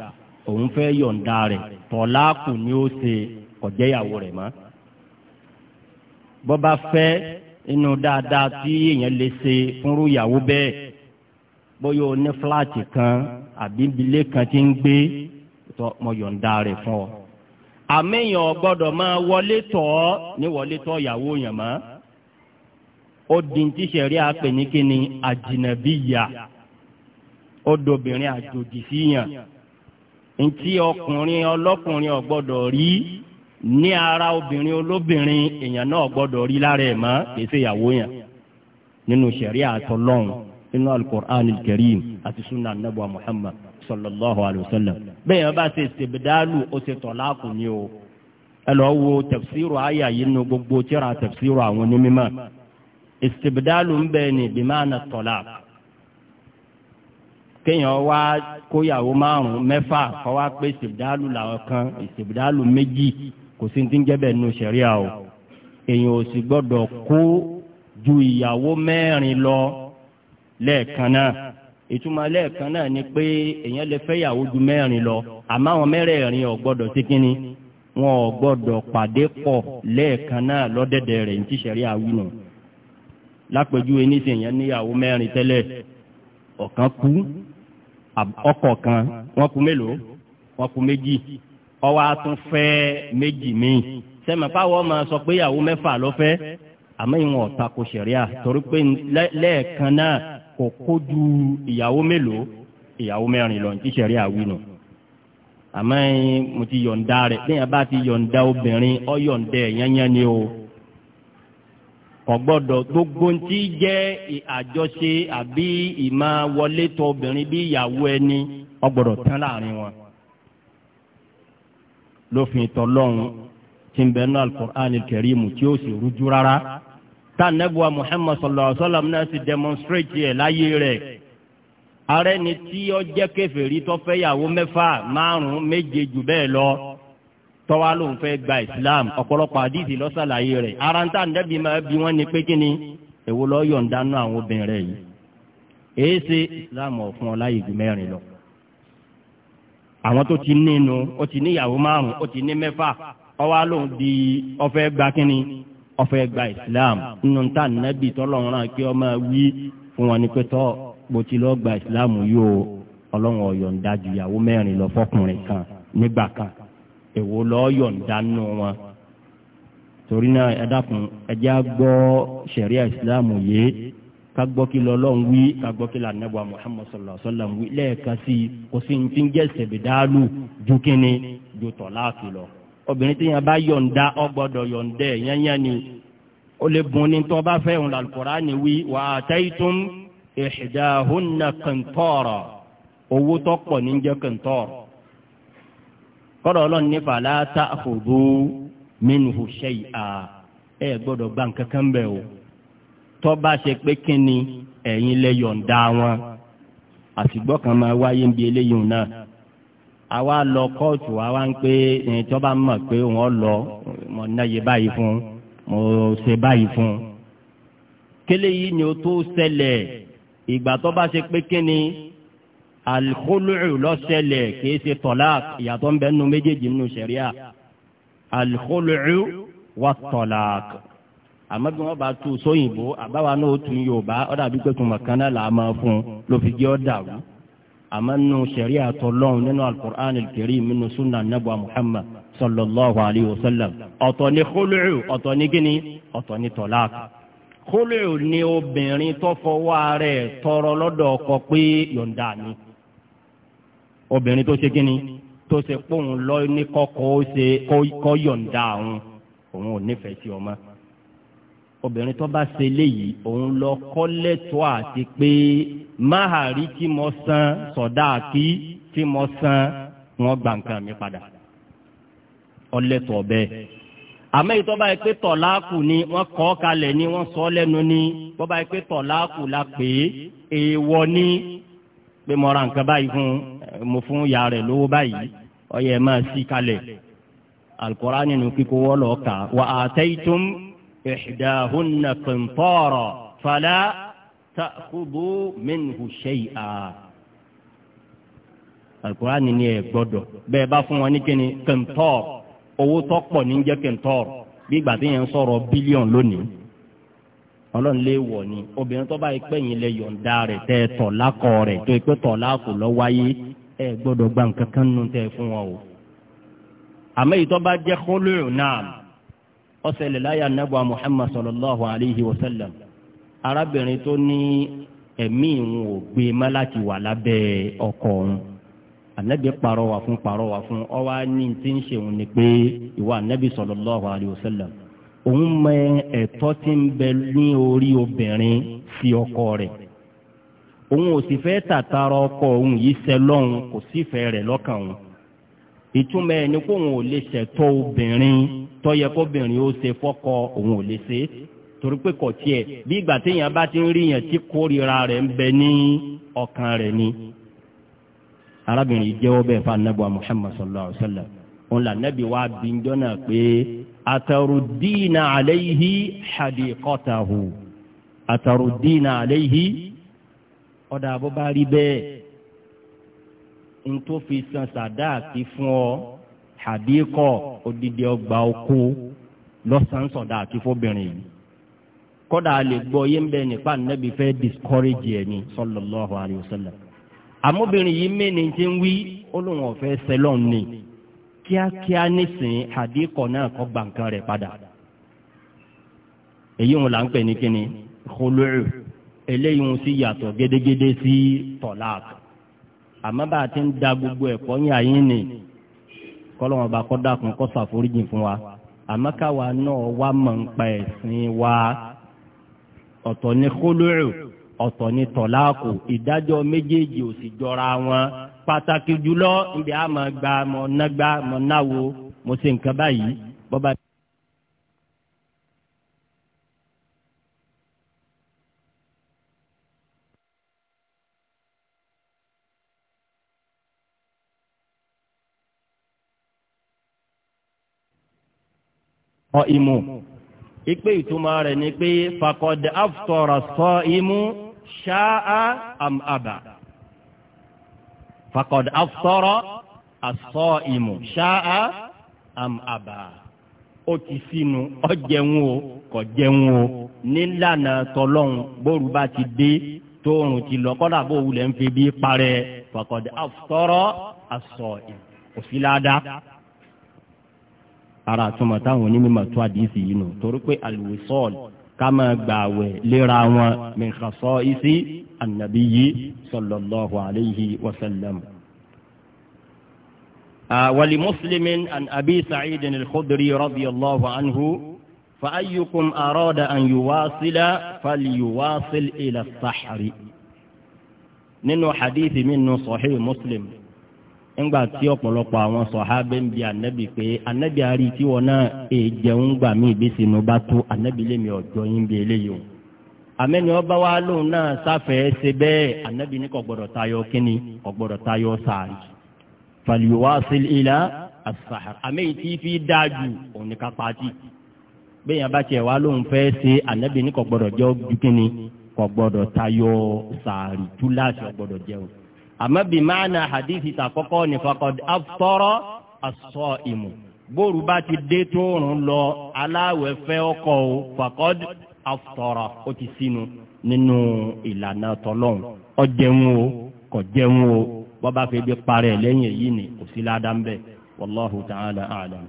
òun fẹ́ yọ̀ǹda rẹ̀ tọ́láàkù ni ó ṣe kọjẹ́yàwó rẹ̀ mọ́ bó bá fẹ́ inú dáadáa tí èèyàn lè ṣe fúnrú ìyàwó bẹ́ẹ̀ bóyá o ní fúláàtì kan àbí ilé kan ti ń gbé tó mo yọ̀ǹda rẹ̀ fún ọ. àmẹ́yàn gbọ́dọ̀ máa wọlé tọ̀ ọ́ ní wọlé tọ̀ ìyàwó yàn mọ́. ó di ti sẹ̀rí àpè ní kíni ó dobìnrin àjòjì sí ntí ọkùnrin ọlọ́kùnrin ò rí ní ara obìnrin olóbìnrin èèyàn náà gbọ́dọ̀ rí lára ẹ̀ mọ́ kèsè ìyàwó yẹn nínú sẹ̀rí àtọ́lọ́run nínú alukur'an karim àti sunnah nabu muhammad sallallahu alayhi wa sallam bẹ́ẹ̀ yẹn bá ṣe ṣèbídàálù ó ṣe tọ́láàkù ni o ẹ lọ wo tafsiru àyà yìí nínú gbogbo tíra tafsiru àwọn onímọ̀ ìṣèbídàálù ń bẹ́ẹ̀ ni bimáàna tọ́láàkù kéèyàn wá kóyàwó márùn mẹ́fà kọ́ wá pé ìsèbìdálù làwọn kan ìsèbìdálù méjì kò sí ti ń jẹ́ bẹ́ẹ̀ nu sẹ̀ríà o èèyàn ò sì gbọ́dọ̀ kó ju ìyàwó mẹ́rin lọ lẹ́ẹ̀kan náà ìtumọ̀ lẹ́ẹ̀kan náà ni pé èèyàn lè fẹ́ ìyàwó ju mẹ́rin lọ àmọ́ àwọn mẹ́rẹ̀ẹ̀rin ò gbọ́dọ̀ sí kínní wọn ò gbọ́dọ̀ pàdé pọ̀ lẹ́ẹ̀kan náà lọ́dẹ̀dẹ̀ rẹ̀ ní ti sẹ̀ríà wí nù lápèjúwe nísìnyí èèyàn níyàwó mẹ́rin tẹ́lẹ̀ ọ̀kan kú ọkọ̀ kan wọ́n kú mélòó wọ́n kú méjì ọwọ́ atún fẹ́ méjì míì sẹ́mi fáwọn ọmọ sọ pé ìyàwó mẹ́fà ló fẹ́ àmọ́ ìwọ̀n ọ̀ta kò ṣẹ̀ríà torí pé lẹ́ẹ̀kan náà kò kójú ìyàwó mélòó ìyàwó mẹ́rin lọ ní ṣẹ̀ríà wí nù mo ti yọ̀ǹda rẹ̀ lẹ́yìn bá ti yọ̀ǹda obìnrin ọ yọ̀ǹda ẹ̀yányán ni o kò gbọ́dọ̀ gbogbo ti jẹ́ àjọṣe àbí ìmọ̀ wọlé tọ obìnrin bí ìyàwó ẹni ọ gbọ́dọ̀ tán láàrin wọn lófin tọ́lọ́hún tí ń bẹ nínú alukur'an kẹrìmù tí ó sì rújú rárá tá nẹ́bùwà muhammad sallallahu alayhi wa sallam náà sì demonstrate yẹ láyé rẹ̀ ààrẹ ni tí ó jẹ́ kèfèrí tó fẹ́ yàwó mẹ́fà márùn-ún méje jù bẹ́ẹ̀ lọ tọ́wá ló ń fẹ́ gba islam ọ̀pọ̀lọpọ̀ àdìsí lọ́sàlàyé rẹ̀ ara ń tà nẹ́bí máa bí wọ́n ní pé kí ni èwo lọ́ọ́ yọ̀ǹda nú àwọn obìnrin rẹ̀ yìí èé ṣe islam ọ̀fun ọláyè àwọn tó ti nínú ó ti níyàwó márùn ó ti ní mẹ́fà ọwọ́ lòun di ọfẹ́ gba kínní ọfẹ́ gba islam nínú ta nẹ́bí tọ́lọ́run náà kí ọmọ wí fún wọn ní pé tọ́ bó ti lọ́ọ́ gba islam yóò ọlọ́run ọ̀yọ̀ǹda ju ìyàwó mẹ́rin lọ fọkùnrin kan nígbà kan èwo lọ́ọ́ yọ̀ǹda nù wọn torí náà ẹ dákun ẹ já gbọ́ sẹ̀ríà islam yìí kagbọ́ kí lọ́lọ́run wí kagbọ́ kí la nẹ́bọ̀ Muhammad sallallahu alaihi wasallam wí lẹ́ẹ̀ka sí i kò sí ní ti ń jẹ́ sẹ̀bìdáàlù ju kínní ju tọ̀láàkì lọ. obìnrin tí yẹn bá yọ̀ǹda ó gbọ́dọ̀ yọ̀ǹdẹ̀ yẹ́nyẹ́ ni ó lè bùn ní tó bá fẹ́ òun Al-Qur'ani wí wa ataytum ihdahunna qintara owó tó pọ̀ ní jẹ́ qintara. kọ́dọ̀ ọlọ́run ní fala ta'khudhu minhu shay'a ẹ gbọ́dọ̀ gbà nǹkan kan bẹ́ẹ̀ o tó bá ṣe pé kí ni ẹ̀yin lè yọ̀ǹda wọn àtìgbọ́ kan máa wáyé ń bi eléyìí náà àwa lọ kóòtù àwa ń pé ẹ̀yin tó bá mọ̀ pé wọ́n lọ mọ̀ náyè báyìí fún mo ṣe báyìí fún kélé yìí ni o tó ṣẹlẹ̀ ìgbà tó bá ṣe pé kí ni alikolu lọ́ṣẹlẹ̀ kìí ṣe tọ́lák ìyàtọ̀ ń bẹ nínú méjèèjì nínú ṣẹ̀ríà alikolu wa tọ́lák àmọ́ bí wọ́n bá tu sóyìnbó àbáwa náà ó tu yorùbá ọ̀dà bí pé kùmọ̀ kan náà là á máa fún un ló fi jẹ́ ọ̀dà wù. àmọ́ nínú sẹ̀rí àtọ̀lọ́hún nínú alukur'an karim nínú sunna nabuwa muhammad sallallahu alayhi wa sallam ọ̀tọ̀ ni khulu'u ọ̀tọ̀ ni gíní ọ̀tọ̀ ni tọ́lák. khulu'u ni obìnrin tó fọwọ́ rẹ̀ tọrọ lọ́dọ̀ ọkọ pé yọ̀ǹda ni. obìnrin tó ṣe gíní tó ṣe pòun lọ ní kọ́kọ́ ó obìnrin tó bá ṣe léyìí òun lọ kọ́lẹ́tọ́ àti pé máhàrí tí mo san sọ̀dá àkí tí mo san wọn gbà nǹkan mi padà ọlẹ́tọ̀ bẹ́ẹ̀ àmọ́ èyí tó bá yẹ pé tọ̀láàkù ni wọ́n kọ́ kalẹ̀ ni wọ́n sọ lẹ́nu ni tó bá yẹ pé tọ̀láàkù la pè é èèwọ̀ ni pé mo ra nǹkan báyìí fún mo fún ìyá rẹ̀ lówó báyìí ọyẹ máa sí kalẹ̀ alukoraani nínú kíkó wọ́lọ̀ wà á tẹ́yìí tó ń. إحداهن قنطارا فلا تأخذوا منه شيئا القرآن ni ẹ gbọ́dọ̀ bẹ́ẹ̀ كني fún أو ní kíni kẹntọr owó tó pọ̀ ní jẹ́ kẹntọr bí ìgbà tí yẹn ń sọ̀rọ̀ bílíọ̀n lónìí Ọlọ́run lè wọ ni obìnrin tó bá yẹ pé yín lè yọ̀ǹda rẹ̀ tẹ tọ̀lákọ rẹ̀ tó yẹ pé tọ̀lákọ lọ wáyé ẹ gbọ́dọ̀ gba nǹkan kan nù tẹ fún wọn o àmọ́ èyí tó bá jẹ́ kólóòrò náà ọ̀sẹ̀lẹ̀ láyà nẹ́bà Muhammad sallallahu alayhi wa sallam arábìnrin tó ní ẹ̀mí ìwọ̀n ò gbé mọ́láti wà lábẹ́ ọkọ òun ànábì parọ́wà fún parọ́wà fún ọwá ní tí ń ṣe òun ni pé ìwà ànábì sallallahu alayhi wa òun mọ ẹ̀tọ́ tí ń bẹ ní orí obìnrin sí ọkọ rẹ̀ òun ò sì fẹ́ tàtàrà ọkọ òun yìí sẹ́lọ́run kò sífẹ̀ẹ́ rẹ̀ lọ́kàn òun ìtumọ̀ ẹ̀ ni kó òun ò lè ṣẹ̀tọ́ obìnrin tó yẹ kóbìnrin ó ṣe fọ́kọ òun lè ṣe torí pé kò tiẹ̀ bá ti ń rí yẹn tí kórìíra rẹ̀ ń bẹ ní ọkàn rẹ̀ ni. arábìnrin yìí jẹ́wọ́ bẹ́ẹ̀ fún anábọ̀ Muhammad sallallahu alayhi wa sallam òun là nẹ́bí ntó fi san sàdáàkì fún ọ àdíkọ odidi ọgbà oko lọ́sàn-án sàdáàkì fóbìnrin yìí kódà lè gbọ́ yé ń bẹ nípa nẹ́bí fẹ́ discourage ẹ̀ ní sallallahu alayhi wa sallam àmóbìnrin yìí mẹ́ni tí ń wí olóhùn ọ̀fẹ́ sẹlọ̀n ni kíákíá nísìn àdíkọ náà kọ́ gbà nǹkan rẹ̀ padà èyí wọn là ń pè ní kíni khulu' eléyìí wọn sì yàtọ̀ gédégédé sí tọ̀láàkì àmọ́ bá a ti ń da gbogbo ẹ̀kọ́ yín àyín ni kọ́lọ́wọ́n bá kọ́ dákun kọ́ ṣàforíjì fún wa àmọ́ káwa náà wá mọ̀ ń pa ẹ̀sìn wa ọ̀tọ̀ ní kólóòrò ọ̀tọ̀ ní tọ̀láàkù ìdájọ́ méjèèjì ò sì jọra wọn pàtàkì jùlọ ibi àmọ́ gba mọ̀ nágbá mọ̀ náwo mo ṣe nǹkan báyìí bọ́ba. ọ imú ipe ìtumọ̀ rẹ̀ ni pé fakọ̀dé aftara sọ imú ṣáá am aba fakọ̀dé aftara asọ imú ṣáá am aba ó ti sínú ọ jẹun o kò jẹun o nílànà tọlọ́hun bóru bá ti dé tóorùn ti lọ kọ́dà bó wulẹ̀ ń fi bí parẹ́ fakọ̀dé aftara asọ imú kò ládàá ara àtúmọ̀ táwọn onímọ̀ tó àdìsí yìí nù torí pé alwisal ká máa gbà wẹ̀ léra wọn min khasaisi annabiyyi sallallahu alayhi wa sallam. ولمسلم عن أبي سعيد الخدري رضي الله عنه فأيكم أراد أن يواصل فليواصل إلى السحر. nínú hadithi minnu sahih muslim ńgbà tí ọ̀pọ̀lọpọ̀ àwọn sọ̀hábẹ́ ń bi ànábì pé ànábì àárí tí wọn náà èjẹun gbà mí ìbísí inú bá tó ànábì lèmi ọ̀jọ́ yín bí eléyìí o àmẹ́ni ọba wa lóun náà sáfẹ̀ẹ́ ṣe bẹ́ẹ̀ ànábì ní kò gbọ́dọ̀ tayọ kínní kò gbọ́dọ̀ tayọ sàárì fàlùwàsíl ilà àṣàhàr àmẹ́yìí tí fi dáa ju òun ní kápátì bẹ́ẹ̀ lóun fẹ́ ṣe ànábì ní kò gbọ́dọ̀ jẹ́ ju kínní kò gbọ́dọ̀ tayọ sàárì túláàsì ọ̀gbọ́dọ̀ jẹun àmọ́ bí máàna hadithi tàkọ́kọ́ ní fakọ́d aftara as-saimu bóòrù bá ti dé tó rùn lọ aláwẹ̀ fẹ́ ọkọ̀ o fakọ́d aftara ó ti sínú nínú ìlànà tọ́lọ́hún ó jẹun o kò jẹun o wọ́n bá fẹ́ bí parẹ́ lẹ́yìn èyí ni kò sí ládàá ń bẹ̀ ta'ala a'lam.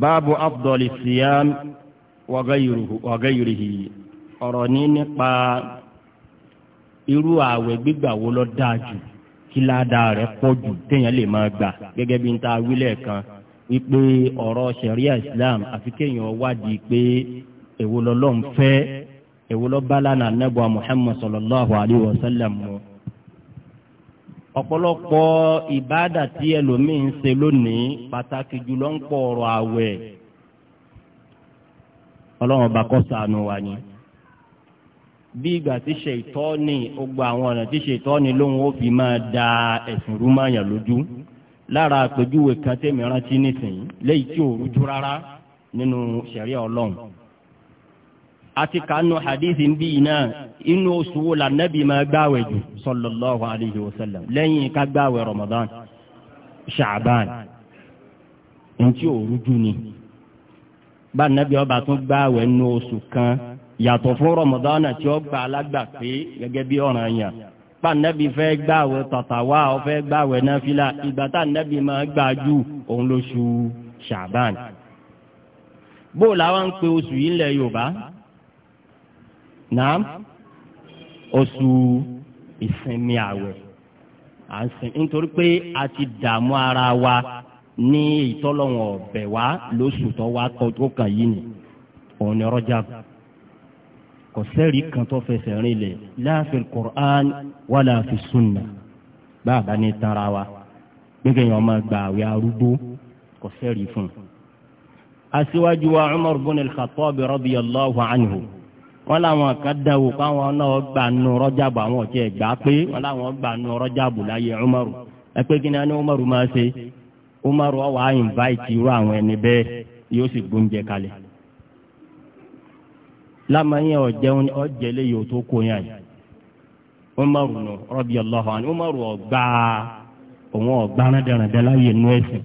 báàbù afdali siyam wa ọ̀rọ̀ ní nípa. irú ààwẹ̀ gbígbà wo lọ dáa jù kí ládàá rẹ̀ pọ̀ jù téèyàn lè máa kan wípé ọ̀rọ̀ sharia islam àfi kéèyàn wádìí pé èwo lọ́lọ́run fẹ́ èwo lọ́ bá lánà anábọ̀ sallallahu alayhi wa sallam mu. ọ̀pọ̀lọpọ̀ ìbáàdà tí ẹlòmíín ṣe lónìí pàtàkì jùlọ ń pọ̀ ọba kọ́ bí ìgbà tí ṣètọ́ni ó gba àwọn ọ̀nà tí ṣètọ́ni lóhun ó fi máa da ẹ̀sìn rúmáyà lójú lára àpèjúwe kan tèmi rántí nísìnyí léyìí tí ò rújú rárá nínú ṣẹ̀ríà ọlọ́run. àti kanu hadithi ń bí iná inú oṣù wo la nẹ́bí máa gbàwẹ̀ jù sallallahu aleyhi wa sallam lẹ́yìn ká gbàwẹ̀ ramadan ṣaaban ntí ò rújú ni bá nẹ́bí ọba tún gbàwẹ̀ nínú oṣù kan. yàtọ̀ fún rọmọdánà tí ó gba alágbà pé gẹ́gẹ́ bí ọ̀ràn yàn pa nẹ́bí fẹ́ gbàwẹ̀ tàtàwá ọ fẹ́ gbàwẹ̀ náfìlà ìgbà tá nẹ́bí máa gbà jù òun lóṣù ṣàbán. bó làwọn ń pe oṣù yìí lẹ yorùbá náà oṣù ìsinmi àwẹ̀ nítorí pé a ti dààmú ara wa ní ìtọ́lọ́wọ̀n ọ̀bẹ̀ wa lóṣù tó wá tó kàn yìí ni òun ni rọ́jà bù kò sẹ́rí kan tó fẹsẹ̀ rinlẹ̀ la fil Qur'an wala fi sunna bàbá ní tara wa gbẹ́gẹ́ yẹn wọ́n máa gba àwẹ̀ arúgbó kò sẹ́rí fún un. aṣíwájú wa Umar bin al-Khattab radiyallahu anhu wọ́n làwọn kan dáwò káwọn náà gbà nù Rajab àwọn ọ̀tí ẹ̀ gbà pé wọ́n làwọn gbà nù Rajab láyé Umar ẹ kí ni wọ́n ní Umar máa ṣe Umar wọ́n wàá invite irú àwọn ẹni bẹ́ẹ̀ yóò sì gbóúnjẹ kalẹ̀. lamanya ọjẹun ọjẹlẹ yóò tó kó yàn yìí umaru nù radiyallahu anhu umaru ọgbà òun ọgbà rẹdẹrẹdẹ láyé nù ẹsìn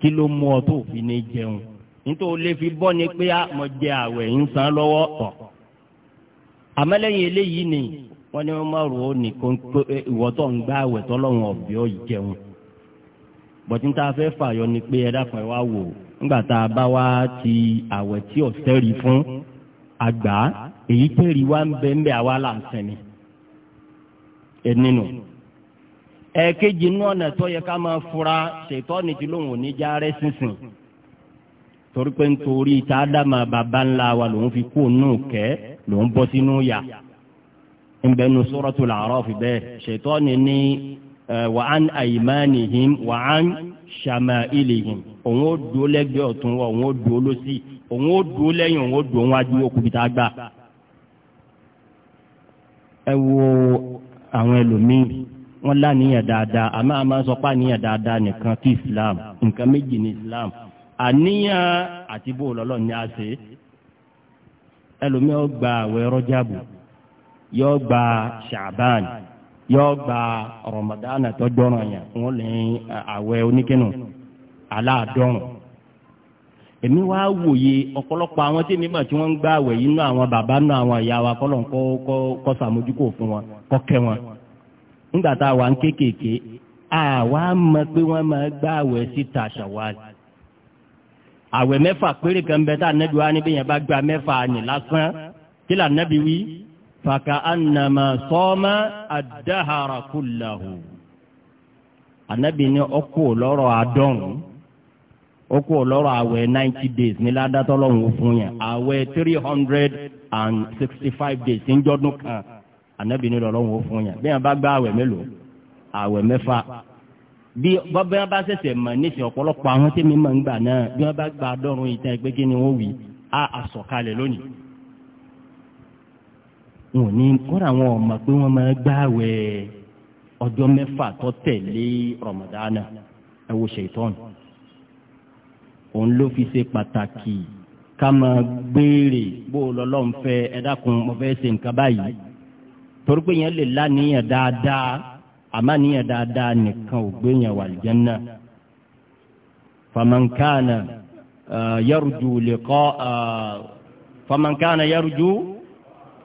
kí ló mú ọ tó fi ní jẹun nítorí lè fi bọ́ ni pé ah, mo jẹ àwẹ̀ ń san lọ́wọ́ tọ̀ eléyìí ni wọ́n ní bọ̀tí tá a fẹ́ fàyọ ni pé ẹ dákun ẹ wá wò nígbà tá a bá wá ti àwẹ̀ tí ọ̀sẹ̀ rí fún àgbà èyí tẹ̀rí wá ń bẹ ń bẹ àwa là ń sẹ́ni ẹ nínú. ẹ̀ẹ̀kejì inú ọ̀nà tó yẹ ká máa fura ṣètò ọ̀nì tí lòun ò ní já rẹ́ sísìn torí pé nítorí tá a dá máa bàbá ńlá wa lòun fi kú òun kẹ́ lòun bọ́ sínú yà ń bẹnu Suratul A'raf bẹ́ẹ̀ ṣètò ọ̀nì ní wà á àyìmánìhìm wà á ṣàmàìlìhìm òun ó dúró lẹ́gbẹ̀ẹ́ ọ̀tún wa òun ó dúró lọ́sì òun ó dúró lẹ́yìn òun ó dúró wájú okùnbìtà gbà. ẹ wo àwọn ẹlòmíì wọn láníyàn dáadáa àmọ́ àmọ́ sọ pé àníyàn dáadáa nìkan kí islam nǹkan méjì ní islam àníyàn àti bó lọ́lọ́ ni a ṣe ẹlòmíì ó gba àwẹ̀ rọ́jàbù yóò gba ṣàbáàni yóò gba Ramadana tó dọ́rọ̀ yẹn wọ́n lè àwẹ̀ oníkẹ́nu aláàdọ́rùn. èmi wá wòye ọ̀pọ̀lọpọ̀ àwọn tí nígbà tí wọ́n ń gbà àwẹ̀ yìí nú àwọn bàbá nú àwọn ìyá wa kọ́lọ̀ kọ́ sàmójúkò fún wọn kọ́kẹ́ wọn. nígbà tá a wà ń kéékèèké àwa mọ̀ pé wọ́n máa gbà àwẹ̀ síta ṣàwálì àwẹ̀ mẹ́fà péré kan bẹ tá a nẹ́bi wá níbi yẹn bá gba mẹ́fà ní lásán kí là nẹ́bi wí fàkàánàmà sọ́ọ́mà àdáhàrà kùlàhù. ànábì ní ọkọ̀ lọ́rọ̀ àádọ́rùn-ún ọkọ̀ lọ́rọ̀ àwẹ̀ ninety days ní ládàtọ́ lọ́hùn fún yẹn àwẹ̀ three hundred and sixty five days ń jọ́dún kan ànábì ní lọ́hùn fún yẹn bí wọ́n bá gbá àwẹ̀ mélòó àwẹ̀ mẹ́fà bí bọ́bẹ́ wọn bá ṣẹ̀ṣẹ̀ mọ̀ níṣẹ́ ọ̀pọ̀lọpọ̀ àwọn tẹ́mi mọ̀ ń gbà náà bí wọ́n bá gbà àádọ́rùn-ún wọn ní kọ́ra wọn ọmọ pé wọ́n máa gbààwẹ̀ ọjọ́ mẹ́fà tó tẹ̀lé rọmọdánà ẹ wo ṣètọ́n òun ló fi ṣe pàtàkì ká máa gbére bó lọ́lọ́run fẹ́ ẹ dákun mo fẹ́ ṣe nǹkan báyìí torí pé yẹn lè láníyàn dáadáa àmọ́ níyàn dáadáa nìkan ò gbé yẹn wà lìjánná famankana uh, yarju liqa famankana yarju.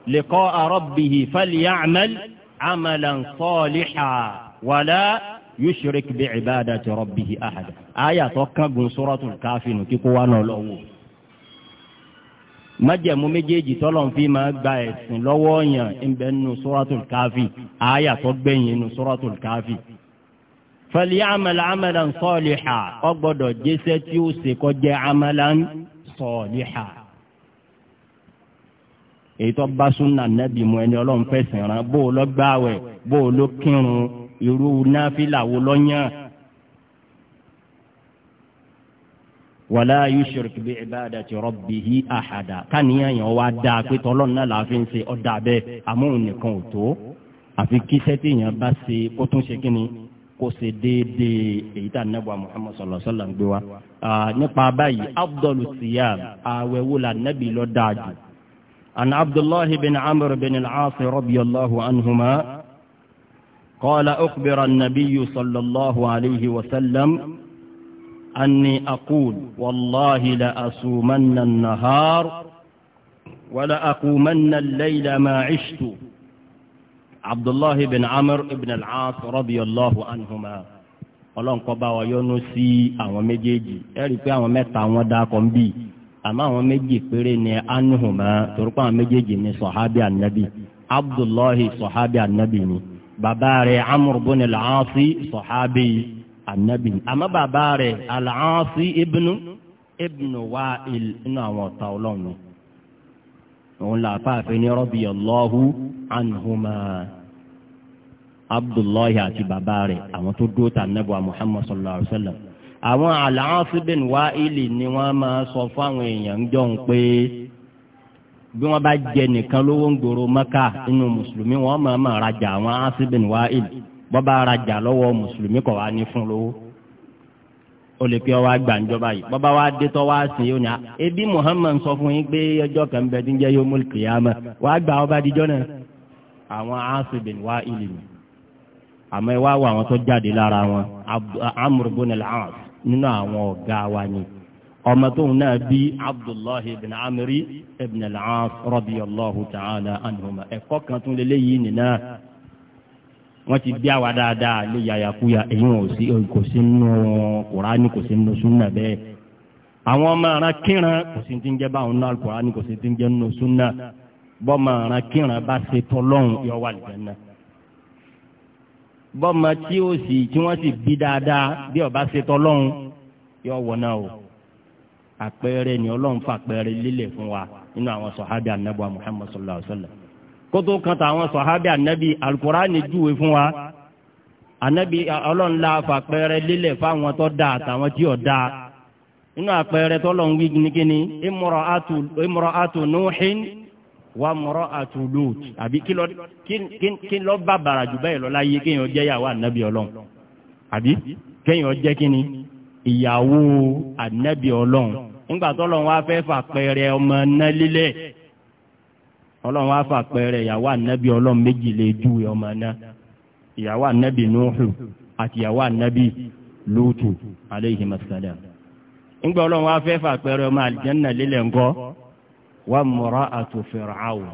لقاء ربه فليعمل عملا صالحا ولا يشرك بعبادة ربه أحدا آية توقع سورة الكافر كيكوانا لو májẹ̀mú méjèèjì tọ́lọ̀ fi máa gba ẹ̀sìn lọ́wọ́ yàn ẹ̀bẹ̀ nínú suratul káfí àáyà tó gbẹ̀yìn nínú suratul káfí. falya'mal 'amalan saliha ó gbọ́dọ̀ jẹ́sẹ́ tí ó ṣe kó jẹ́ 'amalan saliha èyí tó bá súnà nẹ́bí mu ẹni ọlọ́run fẹ̀sìn rán bó o lọ gbààwẹ̀ bó o lọ kírun irú náfìlà wo lọ yàn. wàlá yushrik bi ibadati rabbihi ahada káníyàn yẹn wá dáa pé náà láàfin ṣe ọ̀dà bẹ́ẹ̀ àmóhùn nìkan ò tó àfi kí sẹ́tì yẹn bá ṣe kó tún ṣe kíni kó ṣe déédéé èyí tá nẹ́bùà Muhammad sallallahu alaihi wasallam gbé wa. nípa báyìí afdalu siyam ààwẹ̀ la nẹ́bí lọ dáa jù عن عبد الله بن عمرو بن العاص رضي الله عنهما قال أخبر النبي صلى الله عليه وسلم أني أقول والله لأصومن النهار ولأقومن الليل ما عشت عبد الله بن عمرو بن العاص رضي الله عنهما ọlọ́nkọba wa sí àwọn méjèèjì ẹ̀rí pé àwọn mẹ́ta wọn dákọ̀ ń bíi àmọ́ àwọn méjì péré ni anuhuma torípa àwọn méjèèjì ni sọ̀hábì ànábì abdullahi sọ̀hábì ànábì ni bàbá rẹ̀ amúr bun al-aasi sọ̀hábì ànábì àmọ́ bàbá rẹ̀ al-aasi ibnu ibnu wa'il inú àwọn ọ̀tá ọlọ́run òun là fàáfin ní radiyallahu anuhuma abdullahi àti bàbá rẹ̀ àwọn tó dúró tà ànábì wa sallallahu alayhi wa sallam. àwọn àlàáfíbìn wáìlì ni wọn máa sọ fáwọn èèyàn ń pé bí wọ́n bá jẹ nìkan lówó ń gbòòrò mẹ́ka inú mùsùlùmí wọ́n máa máa rajà àwọn àfíbìn wáìlì bọ́ bá rajà lọ́wọ́ mùsùlùmí kọ̀ wá ní fún lówó o lè pe ọ wá gbà níjọba yìí bọ́ bá wá dé tọ́ wá ebi sọ fún yín pé ọjọ́ kan bẹ tí ọba díjọ́ náà àwọn àfíbìn wáìlì ni àmọ́ ẹ wá wọ àwọn tó jáde lára wọn Amr ibn nínú àwọn ọ̀gá wa ni ọmọ tóun náà bí abdullahi ibn amiri ibn al-aas radiyallahu ta'ala anhuma ẹ̀kọ́ kan tún lélẹ́ yìí nìna wọ́n ti bí àwa dáadáa lé yayakuya èyí wọn ò sí kò sí nínú kùránì kò sí nínú súnà bẹ́ẹ̀ àwọn ọmọ ara kíran kò sí ti ń jẹ́ báwọn náà kùránì kò sí ti ń jẹ́ nínú súnà bọ́mọ ara kíran bá ṣe tọ́lọ́run yọ wà lẹ́nu náà bọ́mọ tí ó sì tí wọ́n sì bí dáadáa bí ọba ṣe tọ́lọ́hún yọ wọ̀ náà o àpẹẹrẹ ni ọlọ́run fà àpẹẹrẹ lílẹ̀ fún wa nínú àwọn sọ̀hábì ànábì muhammad sallallahu alayhi wa sallam kótó kan tà àwọn sọ̀hábì ànábì alukurani júwe fún wa ànábì ọlọ́run la fà àpẹẹrẹ lílẹ̀ fáwọn tó da àtàwọn tí ò da nínú àpẹẹrẹ tọ́lọ́run wí gínígíní imra'atu imra'atu nuhin wa mọ̀rọ̀ àtúlóòt àbí kí lọ bá bàrà jù báyìí lọ láyé kéèyàn jẹ́ ìyàwó ànábì ọlọ́run àbí kéèyàn jẹ́ kí ni ìyàwó ànábì ọlọ́run nígbà tó ọlọ́run wá fẹ́ fàpẹẹrẹ ọmọ náà lílẹ̀ ọlọ́run wá fàpẹẹrẹ ìyàwó ànábì ọlọ́run méjì lè ju ọmọ náà ìyàwó ànábì Nuhu àti ìyàwó ànábì Lutu aleyhi masalam nígbà ọlọ́run wá fẹ́ fàpẹẹrẹ ọmọ àlìjẹ́ńnà lílẹ̀ ńkọ́ wa mura'atu Fir'aun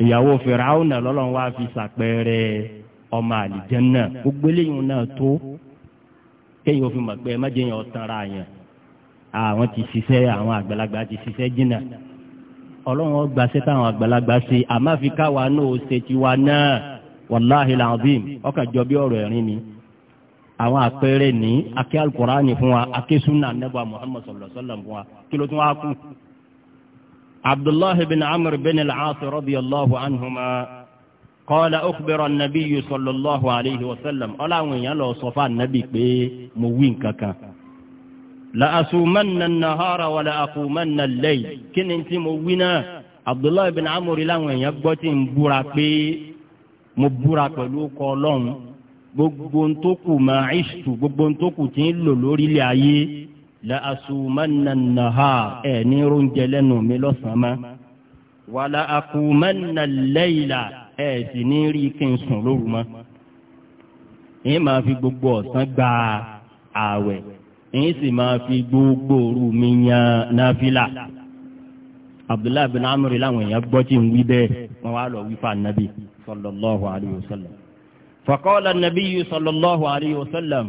ìyàwó Fir'aun náà lọ́lọ́run wá fi ṣàpẹẹrẹ ọmọ àlìjẹ́nnà gbogbo eléyìí náà tó kéèyàn fi mọ̀ pé ẹ má jẹ́ yẹn ọ̀tanra yẹn àwọn ti ṣiṣẹ́ àwọn àgbàlagbà ti ṣiṣẹ́ jìnnà ọlọ́run ó gbà sẹ́tà àgbàlagbà ṣe àmọ́ fi káwa náà ṣe tiwa náà wàláhi làǹdìm ọkàn jọ bí ọ̀rọ̀ ẹ̀rín ni àwọn àpẹẹrẹ ní akẹ́ alukurani fún wa akẹ́ sunna anabu muhammadu fún wa kí ló tún wá kú. عبد الله بن عمرو بن العاص رضي الله عنهما قال أخبر النبي صلى الله عليه وسلم ألا وين يلو صفا النبي بي موين كاكا النهار ولا أقومن الليل كن انت موينا عبد الله بن عمرو لا وين يبغوتي مبورا بي مبورا pẹ̀lú kọlọ́n gbogbo ntókù máa ìṣù gbogbo ntókù tí ń لأصومن النهار إيه نير جلنو ملصما ولأقومن الليل إيه سنيري كنسن لرما إيه ما في بقوة سنبع àwẹ̀ èyí sì máa fi gbogbo òru mi yan náfìlà abdullahi bin amr làwọn èèyàn gbọ́ tí ń wí bẹ́ẹ̀ wọ́n wá lọ wí fún anabi sallallahu alayhi wa sallam. faqala an-nabiyyu sallallahu alayhi wa sallam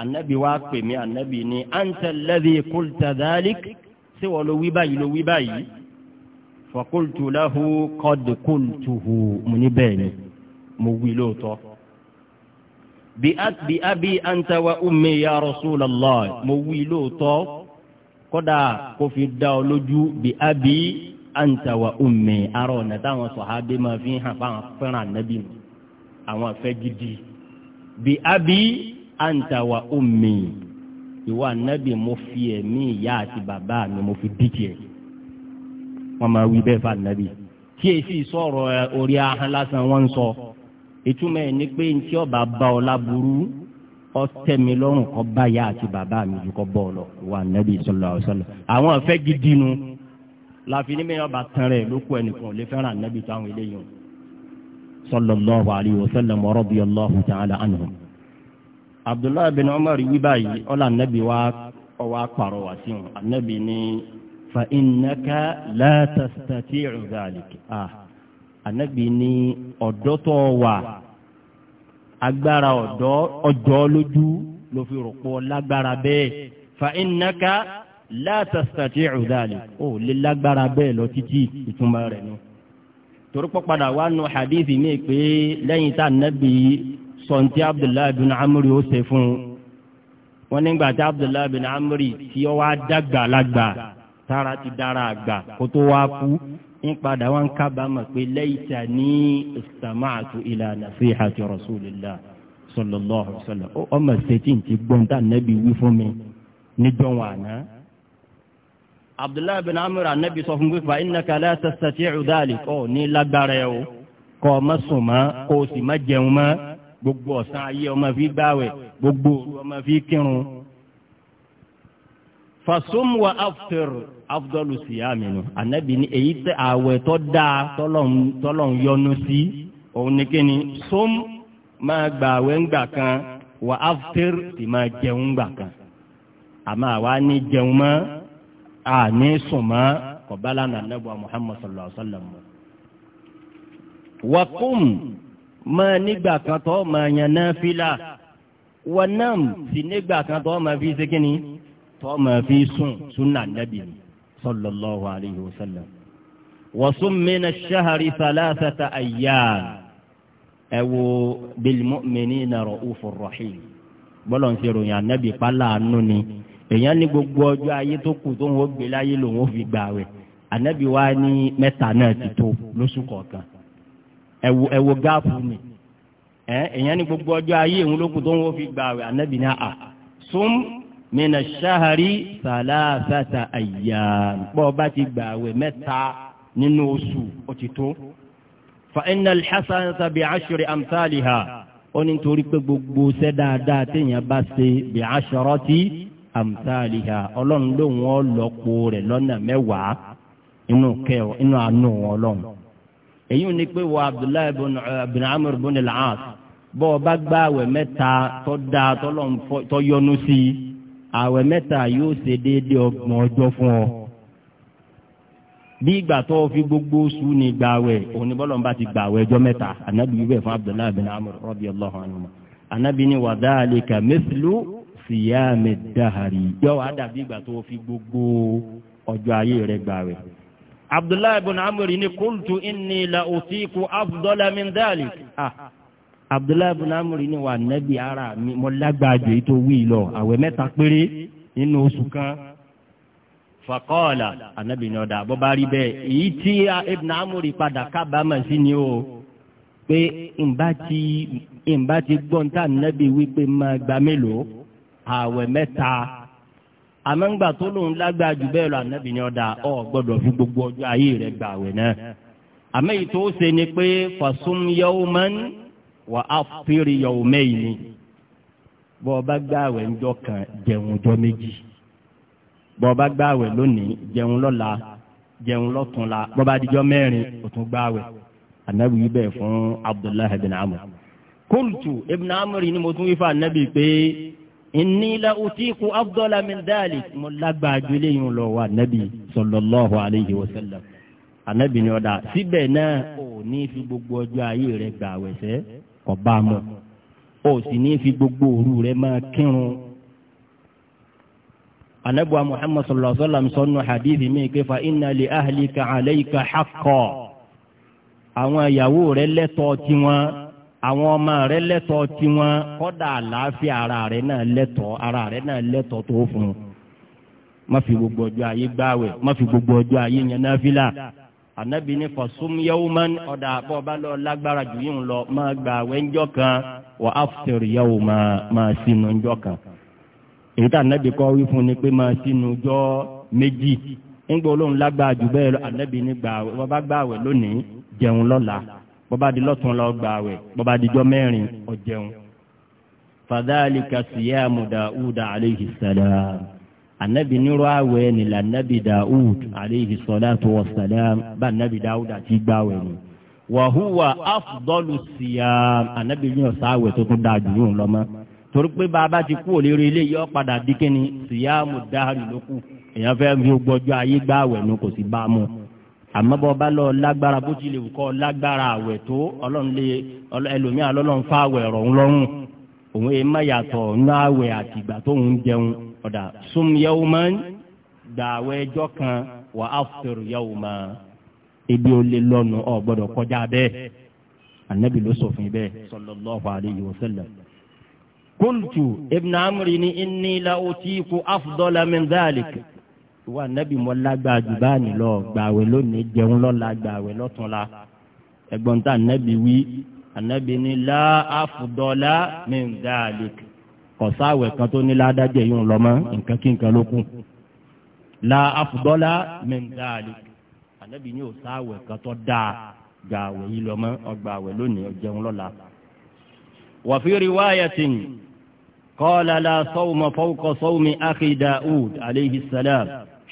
anabi wa pè mí anabi ní anta alladhi qulta dhalik ṣé wọ́n lo wí báyìí lo wí báyìí fa qultu lahu qad qultuhu mo ní bẹ́ẹ̀ ni mo wí lóòótọ́ bi abi anta wa ummi ya rasulallah mo wí lóòótọ́ kódà kó fi dá ọ lójú bi abi anta wa ummi arọ ọ̀nà táwọn sọ̀hábí máa fi hàn fáwọn fẹ́ràn anabi àwọn afẹ́ gidi bi abi anta wa ummi ìwà nábì mo fi ẹ̀mí ìyá àti bàbá mi mo fi díjì ẹ̀ wọ́n máa wí bẹ́ẹ̀ fà nábì tí èsì sọ̀rọ̀ eh, orí ahọ́n lásán wọ́n ń sọ ìtumọ̀ ẹ̀ ni pé ntí ọba bá ọ láburú ọtẹ mi lọ́rùn kọ́ bá ìyá àti bàbá mi ju kọ́ bọ́ ọ lọ ìwà nábì sallallahu alaihi àwọn ọ̀fẹ́ gidi nu láfi ní mẹ́yàn bá tán rẹ̀ lókù ẹnìkan lè fẹ́ràn nábì táwọn eléyìí sallallahu alaihi wasallam wa radiyallahu ta'ala anhum abdullahi bin umar wí báyìí ọlá anabi wa ọwọ́ apàrọ̀ wá sí wọn anabi ní fa innaka la tastati'u zalik ah anabi ní ọ̀dọ́ tó wà agbára ọ̀dọ́ ọjọ́ lójú ló fi rò pọ̀ lágbára bẹ́ẹ̀ fa innaka la tastati'u zalik ó lè lágbára bẹ́ẹ̀ lọ títí ìtumọ̀ rẹ̀ nù torí pọ́ padà nu hadithi mi pé lẹ́yìn tá anabi sọ̀ǹtì abdullahi bin amri ó ṣe fún un wọ́n nígbà tí abdullahi bin amri tí ó wá dàgbà lágbà tára ti dára àgbà kó tó wá kú ń padà wọn kábàámọ̀ pé laysa ní istama'tu ila nasihati rasulillah sallallahu alaihi wasallam ọmọ ṣètì ti gbọ́n tá nẹ́bí wí fún mi níjọ́ wọn àná. abdullahi bin amr anabi sọ fún mi fa innaka la tastati'u dhalik ọ ní lágbára ẹ o kọ́ ọ ma sùn mọ́ kó o sì má jẹun mọ́ gbogbo ọ̀sán ayé ọmọ fi gbáwẹ̀ gbogbo ọmọ fi kírun. fasum wa after afdolu siyami nu anabi ni èyí tẹ àwẹ̀ tó dáa tọ́lọ́n yọ́nú sí òun ni kíni som máa gbàwẹ̀ ńgbà kan wa after ti máa jẹun ńgbà kan àmọ́ àwa ní jẹun mọ́ àní sùn mọ́ kọ̀bálà nànẹ́bù Muhammad sallallahu alaihi wa sallam. wakum máa nígbà kan tó máa yan náfìlà wọn náà sì nígbà kan tó máa fi ṣe kíni tó máa fi sùn súnà nàbì sallallahu alayhi wa sallam. wa sum min ash-shahri thalathata ayyam ẹ wo bil mu'minina ra'ufur rahim bọ́lọ̀ ń ṣe ròyìn ànábì pálá àánú ni èèyàn ní gbogbo ọjọ́ ayé tó kù tó ń wọ́n gbé láyé lòun ó fi gbà wẹ̀ ànábì wa ní mẹ́ta náà ti tó lóṣù kọ̀ọ̀kan ẹ̀wò ẹ̀wò gáàpù ni ẹ̀ èèyàn ní gbogbo ọjọ́ ayé ìhun lókun tó ń wọ́n fi gba àwẹ̀ ànábì ní à sum mina ṣahari sàlàsàtà àyà pọ̀ bá ti gba àwẹ̀ mẹ́ta nínú oṣù ó ti tó fa iná hasanata bi ashri amthaliha ó ní torí pé gbogbo ṣẹ́ dáadáa téèyàn bá ṣe bi asharati amthaliha ọlọ́run lóun ọ lọ́pọ̀ rẹ̀ lọ́nà mẹ́wàá inú kẹ́ inú àánú ọlọ́run èyí ni pé wọ abdullahi bin eh, amr bin al-aas bọ́ ọ bá gba àwẹ̀ mẹ́ta tó dáa tó yọ́nú sí i àwẹ̀ mẹ́ta yóò ṣe déédéé ọgbọ̀n ọjọ́ fún ọ. bí ìgbà tó o fi gbogbo oṣù ní gbàwẹ̀ òní bọ́lọ̀ ń bá ti gbàwẹ̀ ọjọ́ mẹ́ta anabi wíwẹ̀ fún abdullahi bin amr radiyallahu anhu anabi ni wa dhalika mithlu siyami dahari yọ wàá dàbí ìgbà tó o fi gbogbo ọjọ́ ayé rẹ̀ gbàwẹ̀ abdullahi ibn amr ni qultu inni la utiku afdala min dhalik ah abdullahi ibn amr ni wa nabi ara mi mo lágbájú èyí tó wí lọ àwẹ̀ mẹ́ta péré nínú oṣù kan faqala anabi ni ọ̀dà bó bá rí bẹ́ẹ̀ èyí tí ibn amr padà kábàámà sí ni o pé nbá ti gbọ́ntà nabi wípé máa gba mélòó àwẹ̀ mẹ́ta àmọ́ngbà tó lòun lágbàá jù bẹ́ẹ̀ lọ ànábì ni ọ̀dà ọ̀ gbọ́dọ̀ fi gbogbo ọjọ́ ayé rẹ̀ gbà wẹ̀ náà àmọ́ èyí tó ṣe ni pé fasum yawman wa aftir yawmayn bọ́ ọ bá gbààwẹ̀ ńjọ́ kan jẹun ọjọ́ méjì bọ́ ọ bá gbààwẹ̀ lónìí jẹun lọ́la jẹun lọ́túnla bọ́ bá dijọ́ mẹ́rin ó tún gbààwẹ̀ ànábì yìí bẹ́ẹ̀ fún Abdullahi ibn Amr kultu ibn Amr ni mo tún wí fún ànábì pé inni la utiku afdala min dhalik mo lágbára ju eléyìí lọ wa nabi sallallahu alayhi wa sallam anabi ni ọ̀dà síbẹ̀ náà ò ní fi gbogbo ọjọ́ ayé rẹ̀ gbà wẹ̀sẹ̀ kò bá a mọ̀ ò sì ní fi gbogbo òru rẹ̀ máa kírun. anabi wa muhammad sallallahu alayhi wa sallam sọnù hadith mi ké fa inna li ahlika alayka haqqa àwọn ìyàwó rẹ̀ lẹ́tọ̀ọ́ tiwọn àwọn ọmọ rẹ lẹ́tọ̀ọ́ tiwọn kọ́dà àlàáfíà ara rẹ náà lẹ́tọ̀ọ́ ara rẹ náà lẹ́tọ̀ọ́ tó fún un má fi gbogbo ọjọ́ ayé gbáwẹ̀ má fi gbogbo ọjọ́ ayé yẹn náfìlà ànábì ní fasum yawman ọ̀dà àbọ̀bá lọ lágbára jù yìí ń lọ máa gbààwẹ̀ ńjọ́ kan wà aftir yawma máa sínú ńjọ́ kan èyí tá ànábì kọ́ wí fún ni pé máa sínú jọ́ méjì ńgbọ́ olóhùn lágbára jù bẹ́ẹ̀ ànábì ní gbààwẹ̀ bàbá gbààwẹ̀ lónìí bọ́ba di lọ́tún lọ gbààwẹ̀ bọ́ba di jọ mẹ́rin ó jẹun. fadhalika siyamu dawuda aleyhi salam anabi nírú àwẹ̀ nílà anabi dawud aleyhi salatu wa salam bá anabi dawud àti gbààwẹ̀ ni. wàhùwà afdọ́lù siyam anabi ní ọ̀sán àwẹ̀ tó dáa jù yóò torí pé bàbá ti kú òlérí ilé yọ padà di kíni siyamu lókù èèyàn fẹ́ fi gbọ́jọ́ ayé gbààwẹ̀ ni kò sì bá a mú àmọ́ bọ́ bá lọ lágbára bó ti lè kọ́ lágbára àwẹ̀ tó ọlọ́run lè ẹlòmíà lọ́lọ́run fa àwẹ̀ rọ̀hún lọ́rùn òun èé má yàtọ̀ ná àwẹ̀ àtìgbà tó ń jẹun ọ̀dà sum yawman gbà àwẹ̀ ẹjọ́ kan wà aftir yawman ebi ó lé lọ́nu ọ̀ gbọ́dọ̀ kọjá bẹ́ẹ̀ anabi ló sọ̀fin bẹ́ẹ̀ sallallahu alayhi wa sallam. qultu ibn amri ni inni la utiku afdala min dhalik ìwà nẹ́bí mọ́ lágbàá jù báyìí lọ gbàwẹ̀ lónìí jẹun lọ́la gbàwẹ̀ lọ́túnla ẹ̀gbọ́n tá nẹ́bí wí ànẹ́bí ní lá àfùdọ́lá min dhalik kọ̀sáwẹ̀ kan tó ní ládájẹ́ yìí ń lọ mọ́ nǹkan kí nǹkan ló kù lá àfùdọ́lá min dhalik ànẹ́bí ní òsáwẹ̀ kan tó dáa gbàwẹ̀ yìí lọ mọ́ ọgbàwẹ̀ lónìí jẹun lọ́la. wa fi riwayatin قال لا صوم فوق صوم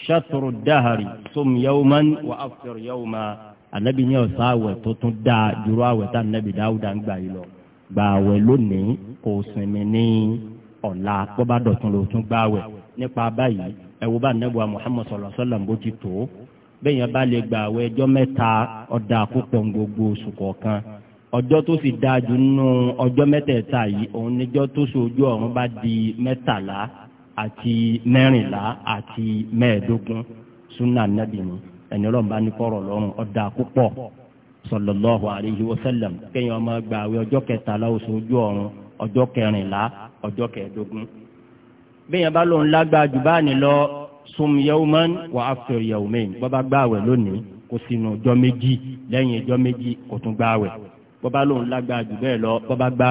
ṣàtúrò dáhàrì sóm yawman wà áfẹ́r yawma ànábì ní ọ̀sán àwẹ̀ tó tún dá dúró àwẹ̀ tá ànábì dáúdà ń gbà yìí lọ gbà àwẹ̀ lónìí kò sinmi ní ọ̀la bọ́bá dọ̀tún ló tún gbà àwẹ̀ nípa báyìí ẹ̀wò bá ànábì Muhammad sallallahu alaihi wasallam bó ti tó bẹ́ẹ̀ yẹn bá lè gbà àwẹ̀ ẹjọ́ mẹ́ta ọ̀dà àkópọ̀ gbogbo oṣù kọ̀ọ̀kan ọjọ́ tó sì dáa jù nínú ọjọ́ mẹ́tẹ̀ẹ̀ta yìí òun níjọ́ tó sojú ọ̀run bá di mẹ́tàlá àti mẹ́rìnlá àti mẹ́ẹ̀ẹ́dógún sunna nabi ni ẹni ọlọ́run bá ní kọ́rọ̀ lọ́rùn ọ̀dà púpọ̀ sallallahu alayhi wa sallam kéèyàn ọmọ gba àwẹ̀ ọjọ́ kẹtàlá oṣù ojú ọ̀run ọjọ́ kẹrìnlá ọjọ́ kẹẹ̀ẹ́dógún. béèyàn bá lóun lágbá jù bá ní lọ sum yawman wa aftir yawmayn bó bá gba àwẹ̀ lónìí kó sínú ọjọ́ méjì lẹ́yìn ọjọ́ méjì kó tún gba àwẹ̀ bó bá lóun lágbá jù bẹ́ẹ̀ lọ bó bá gba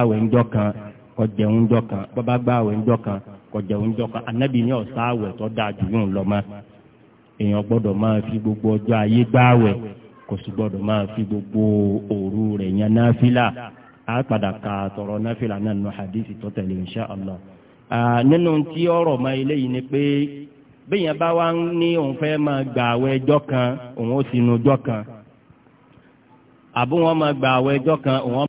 kan kó jẹun kan bó bá gba kan kọjá oúnjẹ kan anabi ní ọ̀sán àwẹ̀ tó dáa jù yóò lọ mọ́ èèyàn gbọ́dọ̀ máa fi gbogbo ọjọ́ ayé gbáwẹ̀ kò sì gbọ́dọ̀ máa fi gbogbo òru rẹ̀ yan náfìlà á padà ka tọrọ náfìlà náà nù hadith tó tẹ̀lé insha allah. nínú tí ọ̀rọ̀ mọ eléyìí ni pé bẹ́ẹ̀yàn bá wá ní òun fẹ́ máa gbà àwẹ̀ ẹjọ́ kan òun ó sinú ọjọ́ kan àbí máa gbà àwẹ̀ ẹjọ́ kan òun